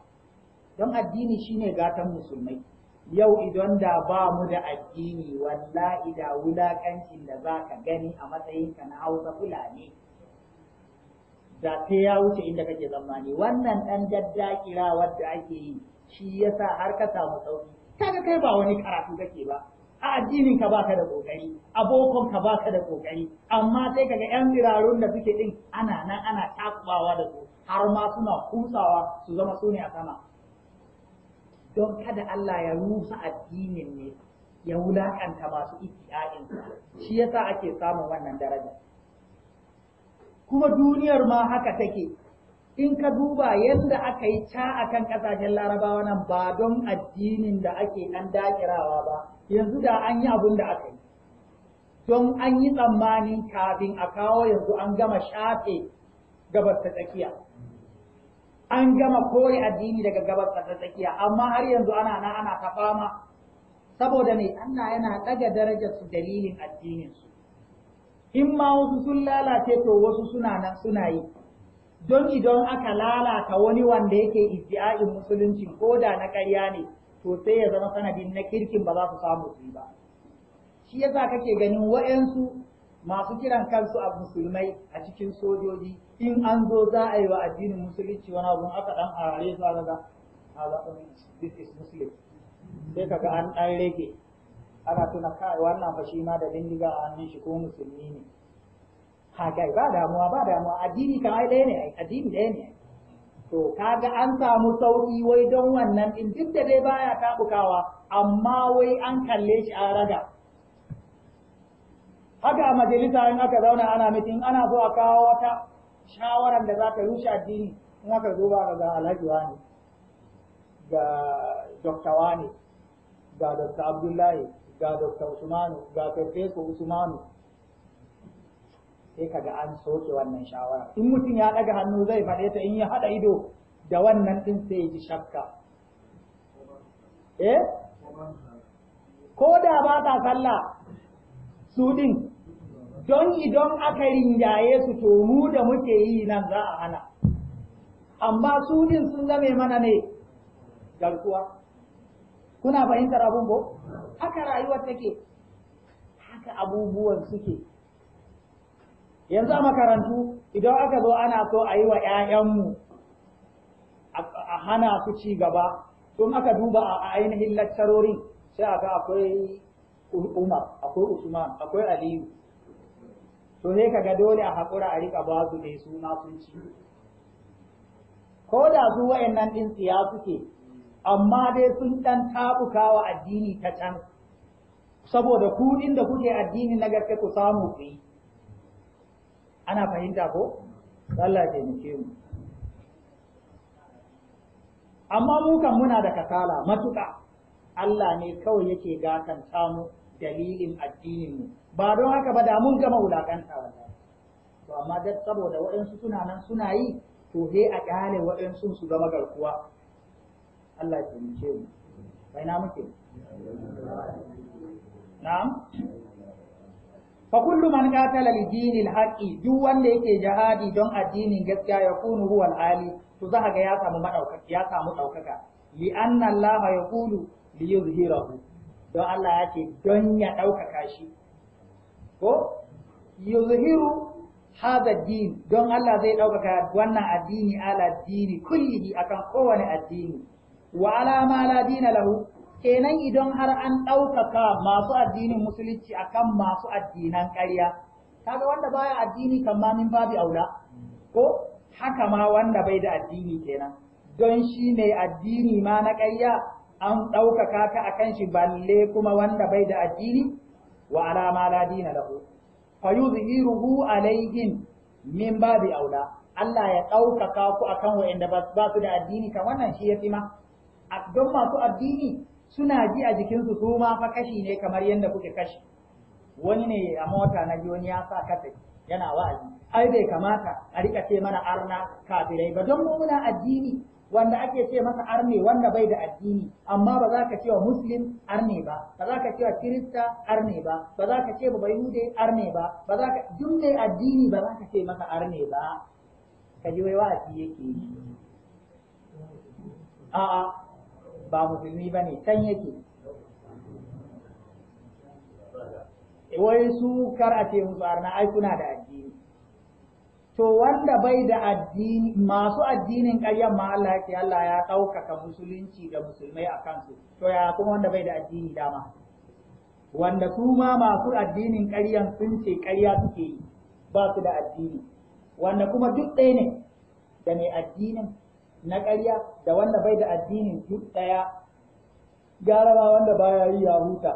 don addini shine gatan musulmai yau idan da ba mu da addini wallahi da wulakancin da za ka gani a matsayinka na hausa fulani da ta ya wuce inda kake zamani wannan ɗan daddakira wadda ake yi shi yasa har ka samu sauki kaga kai ba wani karatu kake ba a addinin ka baka da kokari abokon ka baka da kokari amma sai kaga yan birarun da suke din ana nan ana takubawa da su har ma suna kutsawa su zama suni a sama don kada Allah ya rusa addinin ne ya wulakanta masu ibti'a'in shi yasa ake samun wannan daraja kuma duniyar ma haka take in ka duba yadda aka yi ca a kan ƙasashen larabawa nan ba don addinin da ake an dakirawa ba yanzu da an yi abin da aka yi don an yi tsammanin kafin a kawo yanzu an gama shafe gabas ta tsakiya an gama kore addini daga gabas ta tsakiya amma har yanzu ana na ana ta fama saboda mai Allah yana ɗaga darajar su dalilin addinin su in ma wasu sun lalace to wasu suna nan suna yi don idan aka lalata wani wanda yake iddia'in musulunci ko da na ƙarya ne to sai ya zama sanadin na kirkin ba za su samu su ba shi yasa kake ganin wa'ansu? masu kiran kansu a musulmai a cikin sojoji in an zo za a yi wa addinin musulunci wani abu aka dan harare su aka ga this is muslim sai ga an dan rage ana tuna kai wannan fa shi ma da bindiga a hannun shi ko musulmi ne ha kai ba damuwa ba damuwa addini kan ai ɗaya ne addini ɗaya ne to kaga an samu sauki wai don wannan din duk da dai baya tabukawa amma wai an kalle shi an raga haka a majalisa in aka zauna ana in ana so a kawo wata shawarar da za ta rushe addini in aka zo ba ga alhaji wani ga dokta wani ga dokta abdullahi ga dokta usmanu ga farfesa usmanu sai kaga an soke wannan shawara in mutum ya daga hannu zai faɗe ta in ya haɗa ido da wannan ɗin sai ya ji shakka eh ko da ba ta sallah su ɗin don idan aka rinjaye su to mu da muke yi nan za a hana amma su din sun zame mana ne garkuwa kuna fahimtar abun ko haka rayuwar take haka abubuwan suke yanzu a makarantu idan aka zo ana so a yi wa 'ya'yanmu a hana su ci gaba tun aka duba a ainihin laccarorin sai aka akwai umar akwai usman akwai aliyu to sai kaga dole a haƙura a riƙa ba su dai su ma sun ci ko da su wa'annan ɗin tsiya suke amma dai sun ɗan taɓuka addini ta can saboda kuɗin da kuke addini na gaske ku samu ku yi ana fahimta ko Allah ya taimake mu amma mu kan muna da kasala matuƙa Allah ne kawai yake gakan mu dalilin addininmu ba don haka ba da mun gama wulaƙanta wallahi to amma da saboda waɗansu suna nan suna yi to sai a ƙyale waɗansu su zama garkuwa Allah ya taimake mu bai na muke na'am fa kullu man qatala li dinil haqqi duk wanda yake jihadi don addinin gaskiya ya kunu huwa ali to za ga ya samu madaukaka ya samu daukaka li anna Allah yaqulu li yuzhirahu don Allah ya ce don ya ɗaukaka shi ko yuzhiru hada din don Allah zai ɗaukaka wannan addini ala dini kullihi akan kowane addini wa ala ma la dina lahu kenan idan har an ɗaukaka masu addinin musulunci akan masu addinan ƙarya kaga wanda baya addini kan ma min babu aula ko haka ma wanda bai da addini kenan don shi ne addini ma na ƙarya an ɗaukaka ka akan shi balle kuma wanda bai da addini wa alama la dina lahu fa yuzhiruhu alaihim min babi aula Allah ya ɗaukaka ku akan wa'anda ba su da addini kan wannan shi yafi ma don masu addini suna ji a jikinsu su ma fa kashi ne kamar yadda kuke kashi wani ne a mota na ji wani ya sa kasai, yana wa'azi ai bai kamata a rika ce mana arna kafirai ba don mu muna addini wanda ake ce masa arne wanda bai da addini amma ba za ka ce wa muslim arne ba ba za ka ce wa kirista arne ba ba za ka ce ba bayude arne ba ba za ka duk dai addini ba za ka ce masa arne ba ka ji wai wa'azi yake yi a'a ba musulmi ba ne can yake wai su kar a ce musu arna ai kuna da addini to wanda bai da addini masu addinin ƙaryan ma Allah ya Allah ya ɗaukaka musulunci da musulmai a kansu to ya kuma wanda bai da addini dama wanda su ma masu addinin ƙaryan sun ce ƙarya suke yi ba su da addini wanda kuma duk ɗaya ne da mai addinin na ƙarya da wanda bai da addinin duk ɗaya gara ma wanda baya yi ya huta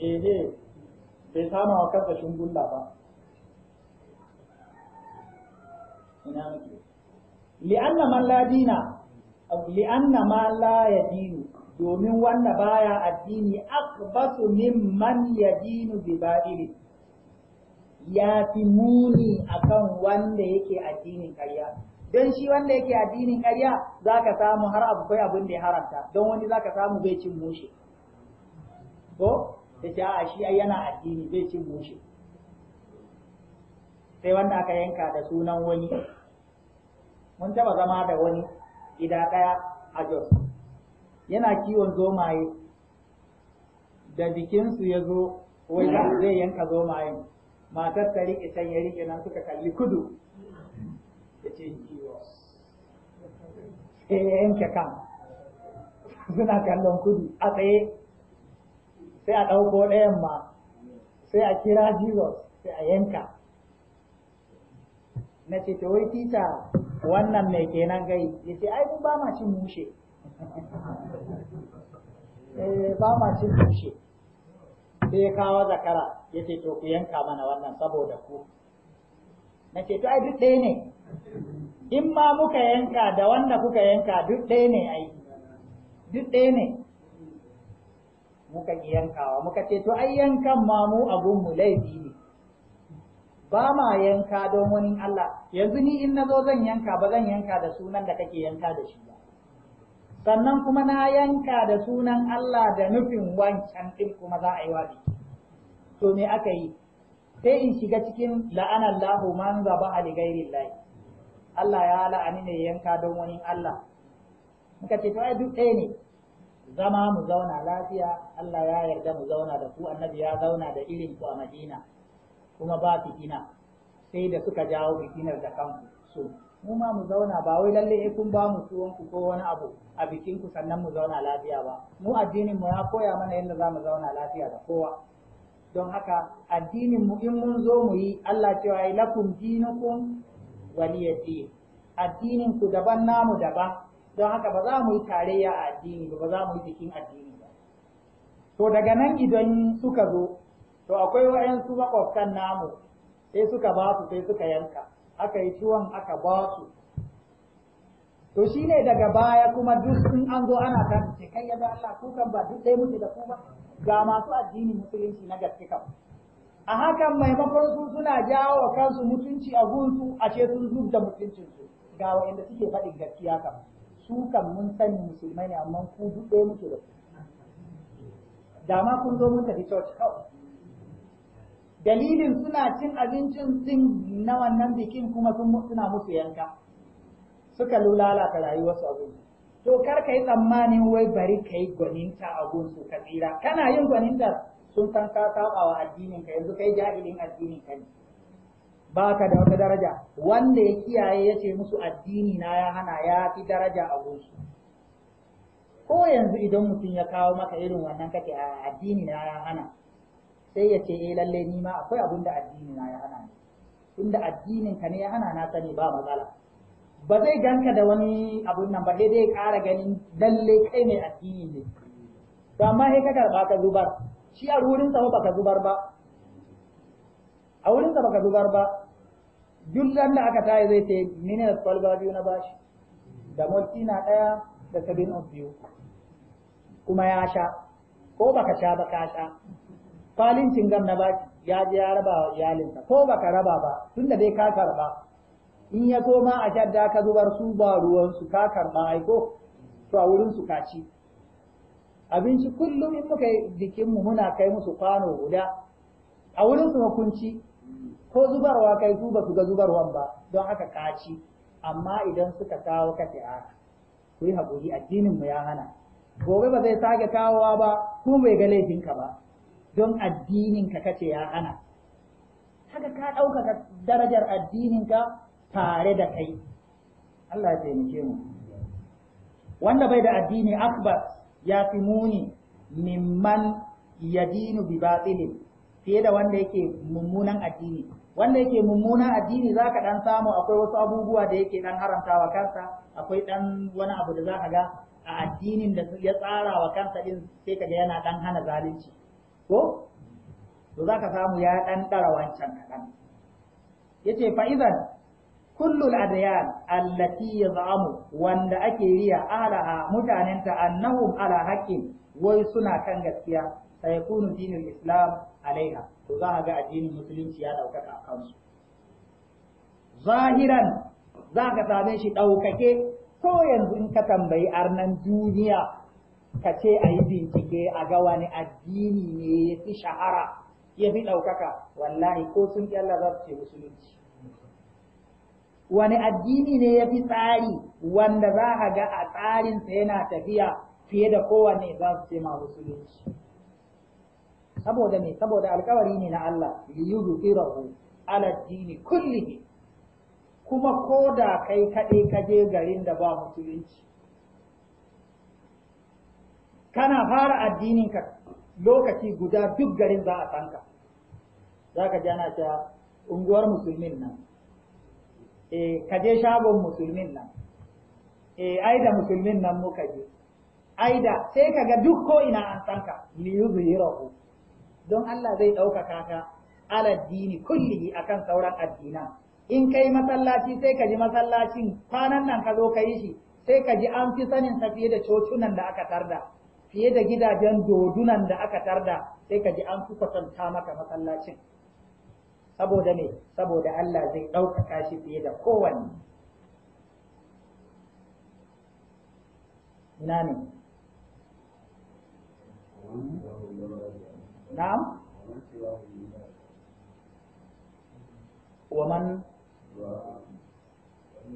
eh bai sama wa kansa shungulla ba ina nake li'anna man la dina li'anna ma la yadinu domin wanda baya addini akbasu mimman yadinu bi badili ya fi muni akan wanda yake addinin ƙarya don shi wanda yake addinin ƙarya za ka samu har abu kai abin da ya haramta don wani za ka samu bai cin mushe ko da ce a shi yana addini bai cin mushe sai wanda aka yanka da sunan wani mun taba zama da wani gida ɗaya a Jos yana kiwon zomaye da jikinsu ya zo wai zai yanka zomayen matar ta riƙe can ya riƙe nan suka kalli kudu ya ce kiwo sai ya yanke kan suna kallon kudu a tsaye sai a ɗauko ɗayan ma sai a kira jesus sai a yanka na ce to wai tita wannan mai kenan gai ya ce ai ba ma cin mushe eh, ba ma cin mushe sai ya kawo zakara ya ce to ku yanka mana wannan saboda ku na ce to ai duk ɗaya ne in ma muka yanka da wanda kuka yanka duk ɗaya ne ai duk ɗaya ne muka yankawa muka ce to ai yankan ma mu abun mu laifi ne ba ma yanka don wani Allah yanzu ni in nazo zan yanka ba zan yanka da sunan da kake yanka da shi ba sannan kuma na yanka da sunan Allah da nufin wancan din kuma za a yi wabi to me aka yi sai in shiga cikin la'ana Allahu man zaba ali Allah Allah ya la'ani ne yanka don wani Allah muka ce to ai duk ɗaya ne zama mu zauna lafiya Allah ya yarda mu zauna da ku annabi ya zauna da irin ku a Madina kuma ba fitina sai da suka jawo fitinar da kanku so mu ma mu zauna ba wai lalle eh kun ba mu tuwon ku ko wani abu a bikin ku sannan mu zauna lafiya ba mu addinin mu ya koya mana yadda za mu zauna lafiya da kowa don haka addinin mu in mun zo mu yi Allah cewa ya lakum dinukum waliyati addinin ku daban namu daban don haka ba za mu yi tarayya a addini ba ba za mu yi bikin addini ba to daga nan idan suka zo to akwai wa'yansu makwabtan namu sai suka ba su sai suka yanka aka yi ciwon aka ba su to shine daga baya kuma duk in an zo ana ta ce kai ya Allah ku kan ba duk dai muke da ku ba ga masu addinin musulunci na gaske kam a hakan maimakon su suna jawo wa kansu mutunci a gunsu a ce sun zub da su ga wa'anda suke faɗin gaskiya kam su kan mun sani musulmai ne amma ku duk ɗaya muke da ku da ma kun zo mun tafi church kawai dalilin suna cin abincin din na wannan bikin kuma sun suna musu yanka suka lulalata rayuwarsu abin to kar ka yi tsammanin wai bari ka yi gwaninta a gunsu ka tsira kana yin gwaninta sun san ka saba wa addinin ka yanzu kai jahilin addinin ka ne ka da wata daraja wanda ya kiyaye ya ce musu addini na ya hana ya fi daraja a gunsu ko yanzu idan mutum ya kawo maka irin wannan kake a addini na ya hana sai ya ce eh lalle ni ma akwai abin da addini na ya hana ni tunda addinin ka ne ya hana na sani ba matsala ba zai ganka da wani abun nan ba sai dai ƙara ganin lalle kai mai addini ne to amma sai ka karba ka zubar shi a wurin sa ba ka zubar ba a wurin sa ba ka zubar ba duk da aka tayi zai ce minas kwalba biyu na bashi da na ɗaya da sabin biyu kuma ya sha ko baka sha ba ka sha Falincin, cingam na baki ya je ya raba wa iyalinsa ko baka raba ba Tun da dai ka karba in ya koma a shadda ka zubar su ba ruwan su ka karba ai ko to a wurin su ka ci abinci kullum in muka yi jikin mu muna kai musu kwano guda a wurin su hukunci ko zubarwa kai su ba su ga zubarwan ba don haka ka ci amma idan suka kawo ka fi'a ku yi haƙuri addinin mu ya hana gobe ba zai sake kawowa ba ku bai ga laifinka ba don addinin ka kace ya hana haka ka ɗaukaka darajar addinin ka tare da kai Allah ya taimake mu wanda bai da addini akbar ya fi muni mimman yadinu bi batilin fiye da wanda yake mummunan addini wanda yake mummunan addini za ka ɗan samu akwai wasu abubuwa da yake ɗan haramtawa kansa akwai ɗan wani abu da za ka ga a addinin da ya tsara wa kansa ɗin sai ka ga yana ɗan hana zalunci ko to za ka samu ya ɗan ɗara wancan kaɗan ya ce fa'izan kullul adayan allati ya za'amu wanda ake riya a mutanenta annahum ala haƙƙin wai suna kan gaskiya sai kunu dinin islam alaiha to za a ga addinin musulunci ya ɗaukaka a kansu zahiran za ka same shi ɗaukake ko yanzu in ka tambayi arnan duniya ka ce a yi bincike a ga wani addini ne ya fi shahara ya fi ɗaukaka wallahi ko sun ƙi Allah za su ce musulunci wani addini ne ya fi tsari wanda za ka ga a tsarinsa yana tafiya fiye da kowanne za su ce ma musulunci saboda me saboda alkawari ne na Allah liyudhirahu ala dini kullihi kuma ko da kai kaɗai ka je garin da ba musulunci kana fara addinin ka lokaci guda duk garin za a sanka za ka jana ta unguwar musulmin nan eh ka je shagon musulmin nan eh ai da musulmin nan muka je ai da sai ka ga duk ko ina an sanka li yuzhirahu don Allah zai ɗaukaka ka ala dini kullihi akan sauran addina in kai masallaci sai ka ji masallacin kwanan nan ka zo ka yi shi sai ka ji an fi sanin sa fiye da cocunan da aka tarda fiye da gidajen dodunan da aka tarda sai ka ji an fi kwatanta maka masallacin saboda me saboda Allah zai ɗaukaka shi fiye da kowanne ina ne na'am waman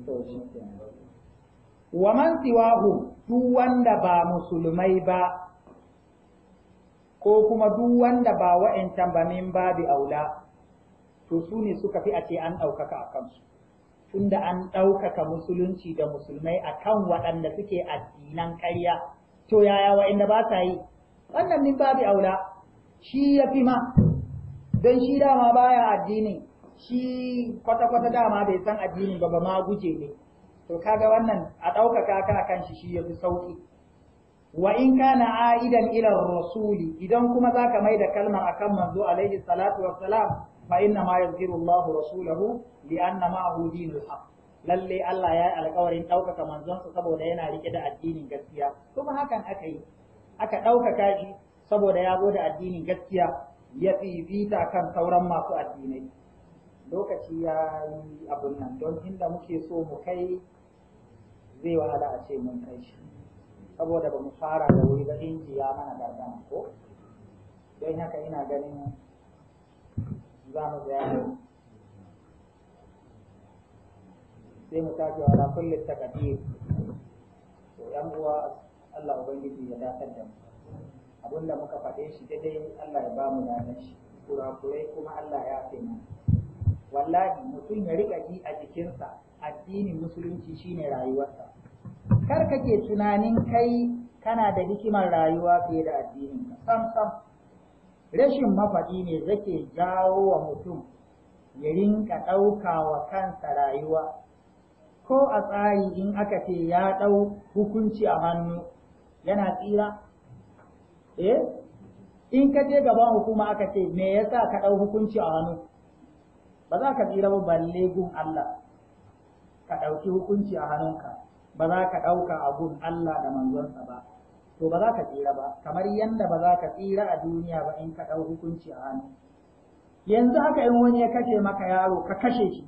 to shi kenan wa man siwahu duk wanda ba musulmai ba ko kuma duk wanda ba wa'ancan ba min babi aula to su ne suka fi a ce an ɗaukaka a kansu tunda an ɗaukaka musulunci da musulmai a kan waɗanda suke addinan ƙarya to yaya wa'inda ba sa yi wannan min babi aula shi ya fi ma don shi dama baya addini shi kwata-kwata dama bai san addinin ba ba ma guje ne to kaga wannan a ɗaukaka ka kan shi shi yafi sauki wa in kana aidan ila rasuli idan kuma zaka mai da kalmar akan manzo alaihi salatu salam. fa inna ma yadhkuru Allah rasulahu li anna ma'ahu dinul haqq lalle Allah ya alƙawarin ɗaukaka manzonsa saboda yana rike da addinin gaskiya kuma hakan aka yi aka ɗaukaka shi saboda ya zo da addinin gaskiya ya fifita kan sauran masu addinai lokaci ya yi abun nan don inda muke so mu kai zai wahala a ce mun kai shi saboda ba mu fara da wuri ba inji ya mana gargama ko don haka ina ganin za mu tsaya sai mu tafi wa rafin littakadir to yan uwa Allah Ubangiji ya dakatar da mu abinda muka faɗe shi daidai Allah ya ba mu dace shi kurakurai kuma Allah ya fi mu wallahi mutum ya riƙa ji a jikinsa addinin musulunci shine rayuwarsa kar kake tunanin kai kana da hikimar rayuwa fiye da addinin ka sam sam rashin mafaɗi ne zake jawo wa mutum ya rinka ɗauka wa kansa rayuwa ko a tsari in aka ce ya ɗau hukunci a hannu yana tsira eh in ka je gaban hukuma aka ce me yasa ka ɗau hukunci a hannu ba za ka tsira ba balle gun Allah ka ɗauki hukunci a hannunka ba za ka ɗauka a gun Allah da manzonsa ba to ba za ka tsira ba kamar yadda ba za ka tsira a duniya ba in ka ɗau hukunci a hannu yanzu haka in wani ya kashe maka yaro ka kashe shi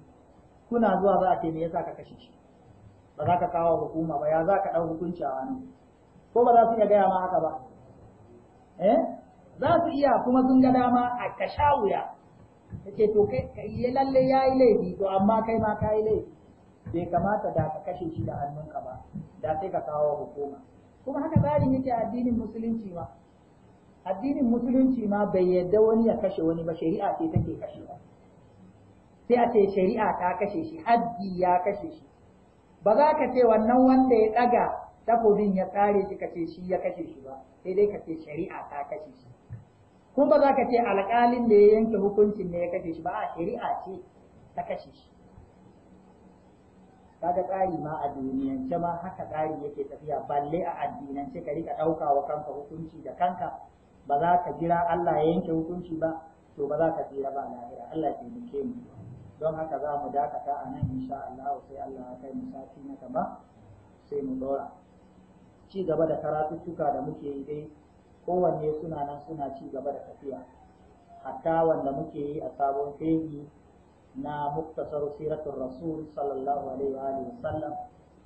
kuna zuwa za a ce me yasa ka kashe shi ba za ka kawo hukuma ba ya za ka ɗau hukunci a hannu ko ba za su iya gaya ma haka ba eh za su iya kuma sun ga dama a kasha wuya ta ce to kai lalle ya yi laifi to amma kai ma ka yi laifi bai kamata da ka kashe shi da hannunka ba da sai ka kawo hukuma kuma haka tsarin yake addinin musulunci ma addinin musulunci ma bai yadda wani ya kashe wani ba shari'a ce take kashe ba sai a ce shari'a ta kashe shi haddi ya kashe shi ba za ka ce wannan wanda ya daga takobin ya tsare shi kace shi ya kashe shi ba sai dai ka ce shari'a ta kashe shi kuma ba za ka ce alƙalin da ya yanke hukuncin ne ya kashe shi ba a shari'a ce ta kashe shi kaga tsari ma a duniyance ma haka tsari yake tafiya balle a addinance ka rika ɗauka wa kanka hukunci da kanka ba za ka jira Allah ya yanke hukunci ba to ba za ka jira ba lahira Allah ke muke mu don haka za mu dakata a nan insha Allah sai Allah ya kai mu sati na gaba sai mu dora ci gaba da karatuttuka da muke yi dai kowanne suna nan suna ci gaba da tafiya hatta wanda muke yi a sabon fegi na muktasar siratul rasul sallallahu alaihi wa alihi wata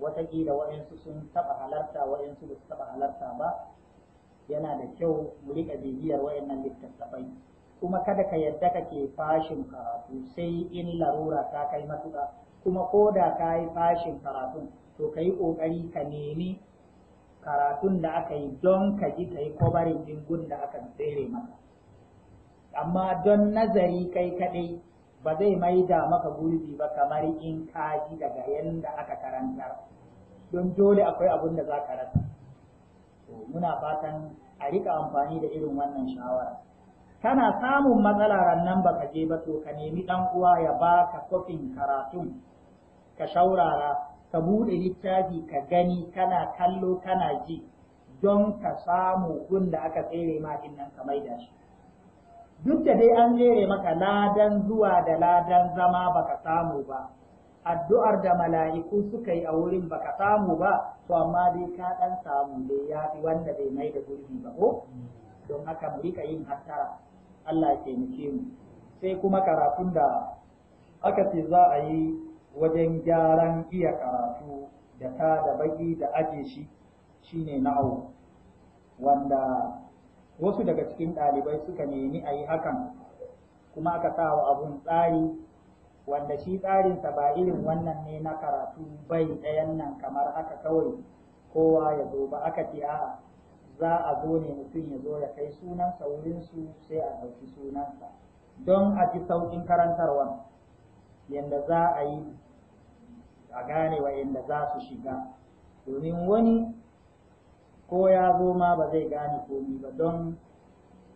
watakila wa'insu sun taba halarta wa'insu ba su taba halarta ba yana da kyau mu rika bibiyar wayannan littattafai kuma kada ka yadda kake fashin karatu sai in larura ta kai matuƙa kuma ko da ka yi fashin karatun to ka yi ƙoƙari ka nemi karatun da aka yi don ka ji ka yi kwabarin jingun da aka tsere maka amma don nazari kai kaɗai ba zai maida maka gurbi ba kamar in ka ji daga yadda aka karanta, don dole akwai abin da za ka rasa muna fatan a rika amfani da irin wannan shawara kana samun matsala rannan ka je ba to ka nemi dan uwa ya baka kofin karatun ka shaurara ka buɗe littafi ka gani kana kallo kana ji don ka samu gun da aka tsere ma nan ka maida shi duk da dai an jere maka ladan zuwa da ladan zama baka samu ba addu'ar da mala'iku suka yi a wurin baka samu ba to amma dai ka dan samu dai ya fi wanda bai mai da gurbi ba ko don haka mu rika yin hattara Allah ya taimake mu sai kuma karatun da aka ce za a yi wajen gyaran iya karatu da ta da baki da aje shi shine na'au wanda wasu daga cikin ɗalibai suka nemi a yi hakan kuma aka sa wa abun tsari wanda shi tsarinsa ba irin wannan ne na karatu bai ɗayan nan kamar haka kawai kowa ya zo ba aka ce a'a za a zo ne mutum ya zo ya kai sunansa wurinsu sai a ɗauki sunansa don a ji sauƙin karantarwa yadda za a yi a gane wa yadda za su shiga domin wani ko ya zo ma ba zai gane komi ba don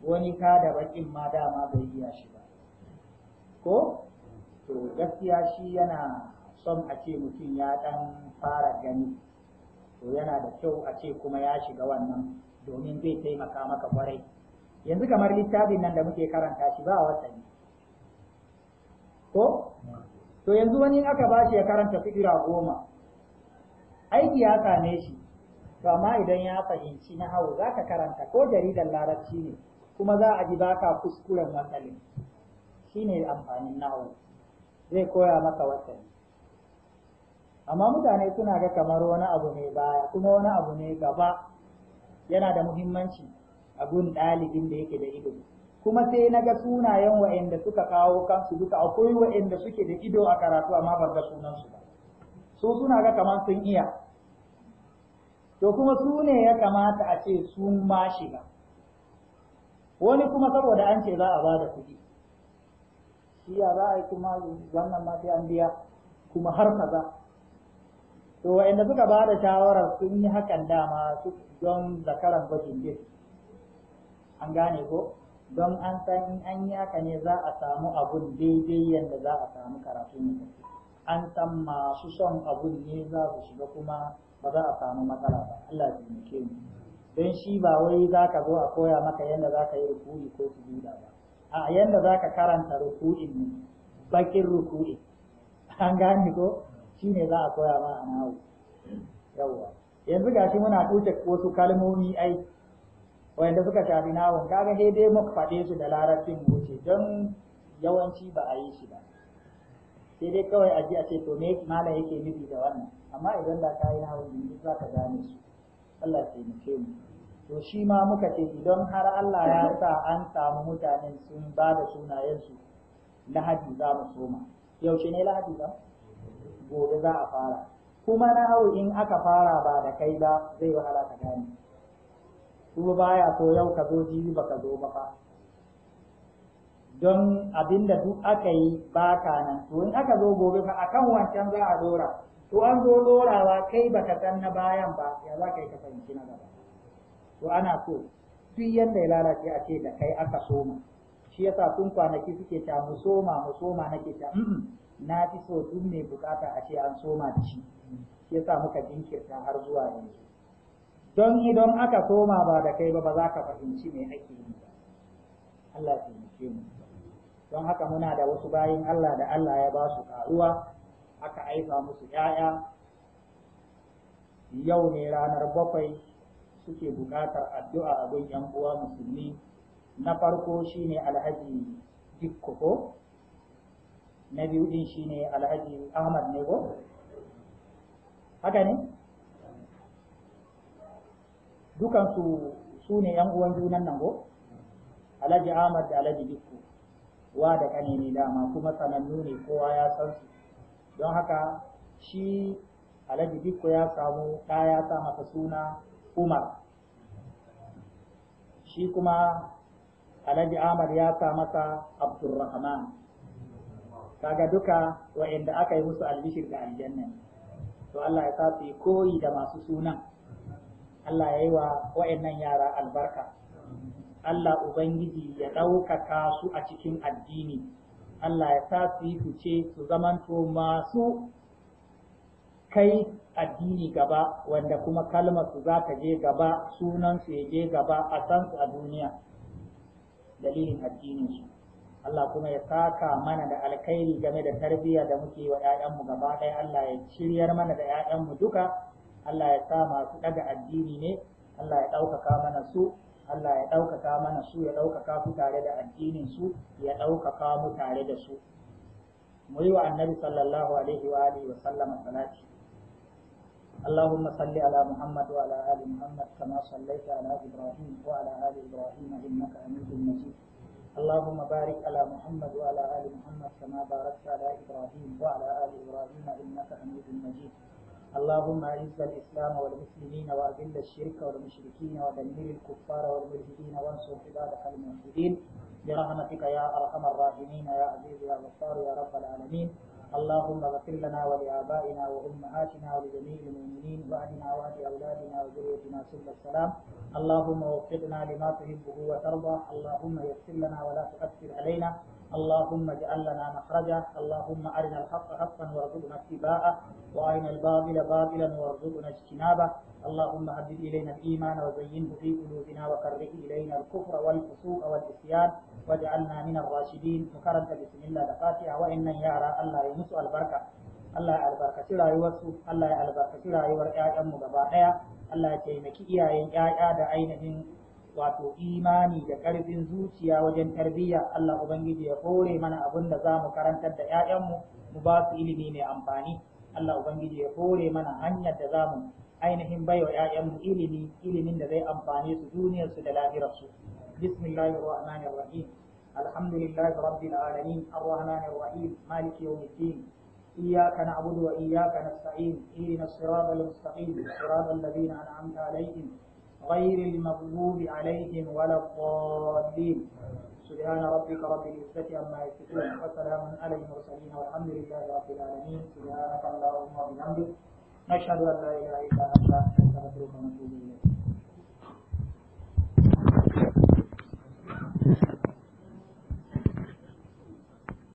wani ka da bakin ma dama bai iya shi ba ko to gaskiya shi yana son a ce mutum ya ɗan fara gani to yana da kyau a ce kuma ya shiga wannan domin zai taimaka maka kwarai yanzu kamar littafin nan da muke karanta shi ba watanni ko to yanzu wani aka ba shi ya karanta fikira goma aiki ya same shi to amma idan ya fahimci na hau za ka karanta ko jaridar larabci ne kuma za a ji baka kuskuren shi ne amfanin nahu zai koya maka wasali amma mutane suna ga kamar wani abu ne baya kuma wani abu ne gaba yana da muhimmanci a gun ɗalibin da yake da ido kuma sai na ga sunayen wa'anda suka kawo kansu duka akwai wa'anda suke da ido a karatu amma ban ga sunansu ba su suna ga kamar sun iya to kuma su ne ya kamata a ce sun ma shiga wani kuma saboda an ce za a ba da kuɗi shi ya za a yi kuma wannan ma sai an biya kuma har kaza to wa'anda suka ba da shawarar sun yi hakan dama su don zakaran gwajin din an gane ko don an san in an yi haka ne za a samu abun daidai yadda za a samu karatu ne an san masu son abun ne za su shiga kuma ba za a samu matsala ba Allah ya taimake mu don shi ba wai za ka zo a koya maka yanda za ka yi ruku'i ko sujuda ba a yanda za ka karanta ruku'in ne bakin ruku'i an gane ko shine za a koya ma a nawo yanzu gashi muna tuce wasu kalmomi ai wanda suka shafi nawon kaga sai dai muka faɗe su da larabcin wuce don yawanci ba a yi shi ba sai dai kawai a ji a ce to me malam yake nufi da wannan amma idan da ka yi na za ka gane su Allah ya taimake mu to shi ma muka ce idan har Allah ya sa an samu mutanen sun ba da sunayensu lahadi za mu soma yaushe ne lahadi ba gobe za a fara kuma na hau in aka fara ba da kai ba zai wahala ka gane kuma baya so yau ka zo jibi baka zo ba fa don abinda duk aka yi ba ka nan to in aka zo gobe fa akan wancan za a dora to an zo dorawa kai baka san na bayan ba ya za ka yi ka fahimci na gaba to ana so duk yanda ya lalace a ce da kai aka soma shi yasa tun kwanaki suke ta mu soma mu soma nake ta na fi so duk mai bukata a ce an soma da shi shi yasa muka jinkirta har zuwa yanzu don idan aka soma ba da kai ba ba za ka fahimci me ake yi ba Allah ya taimake mu don haka muna da wasu bayin Allah da Allah ya ba su karuwa aka aika musu ‘ya'ya yau ne ranar bakwai suke buƙatar addu'a a gun ‘yan uwa musulmi na farko shi ne alhaji dikko na biyu din ne alhaji ahmad ne ko haka ne dukansu su ne ‘yan uwan junan nan ko alhaji ahmad da alhaji dikko wa da kane ne dama kuma sanannu ne kowa ya san su don haka shi alhaji dikko ya samu ɗa ya sa masa suna umar shi kuma alhaji ahmad ya sa masa abdurrahman kaga duka wa'inda aka yi musu albishir da aljanna to Allah ya sa su koyi da masu sunan Allah ya yi wa wa'annan yara albarka Allah Ubangiji ya ɗaukaka su a cikin addini, Allah ya sa su yi fice su zamanto masu kai addini gaba wanda kuma kalmar su za ta je gaba sunansu su ya je gaba a san su a duniya dalilin addinin Allah kuma ya saka mana da alkhairi game da tarbiyya da muke wa 'ya'yanmu gaba ɗaya Allah ya shiryar mana da yayanmu duka Allah ya sa masu ɗaga addini ne Allah ya ɗaukaka mana su Allah ya ɗaukaka mana su ya ɗaukaka su tare da addinin su ya ɗaukaka mu tare da su mu yi wa annabi sallallahu alaihi wa alihi wa sallama salati اللهم صل على محمد وعلى آل محمد كما صليت على إبراهيم وعلى آل إبراهيم إنك حميد مجيد اللهم بارك على محمد وعلى آل محمد كما باركت على إبراهيم وعلى آل إبراهيم إنك حميد مجيد اللهم أعز الإسلام والمسلمين وأذل الشرك والمشركين ودمر الكفار والملحدين وانصر عبادك الموحدين برحمتك يا أرحم الراحمين يا عزيز يا غفار يا رب العالمين اللهم اغفر لنا ولآبائنا وأمهاتنا ولجميع المؤمنين وأهلنا وأهل أولادنا وذريتنا سبل السلام اللهم وفقنا لما تحبه وترضى اللهم يسر لنا ولا تؤثر علينا اللهم اجعل لنا مخرجا اللهم أرنا الحق حقا وارزقنا اتباعه وأرنا الباطل باطلا وارزقنا اجتنابه اللهم حبب إلينا الإيمان وزينه في قلوبنا وكره إلينا الكفر والفسوق والعصيان واجعلنا من الراشدين مكرمة بسم الله دفاتها وإن يرى الله يمس البركة Allah ya albarkaci rayuwarsu, Allah ya albarkaci rayuwar ‘ya'yanmu gaba ɗaya, Allah ya taimaki iyayen ‘ya'ya da ainihin wato imani da ƙarfin zuciya wajen tarbiyya Allah Ubangiji ya kore mana abin da za mu karantar da 'ya'yanmu mu ba su ilimi mai amfani Allah Ubangiji ya kore mana hanyar da za mu ainihin bai wa 'ya'yanmu ilimi ilimin da zai amfani su duniyarsu da lafiyarsu bismillahir rahmanir rahim alhamdulillahi rabbil alamin arrahmanir rahim maliki yawmiddin إياك نعبد وإياك نستعين إهدنا الصراط المستقيم صراط الذين أنعمت عليهم غير المغلوب عليهم ولا الضالين سبحان ربك رب العزة عما يصفون وسلام على المرسلين والحمد لله رب العالمين سبحانك اللهم وبحمدك نشهد أن لا إله إلا أنت نستغفرك ونتوب إليك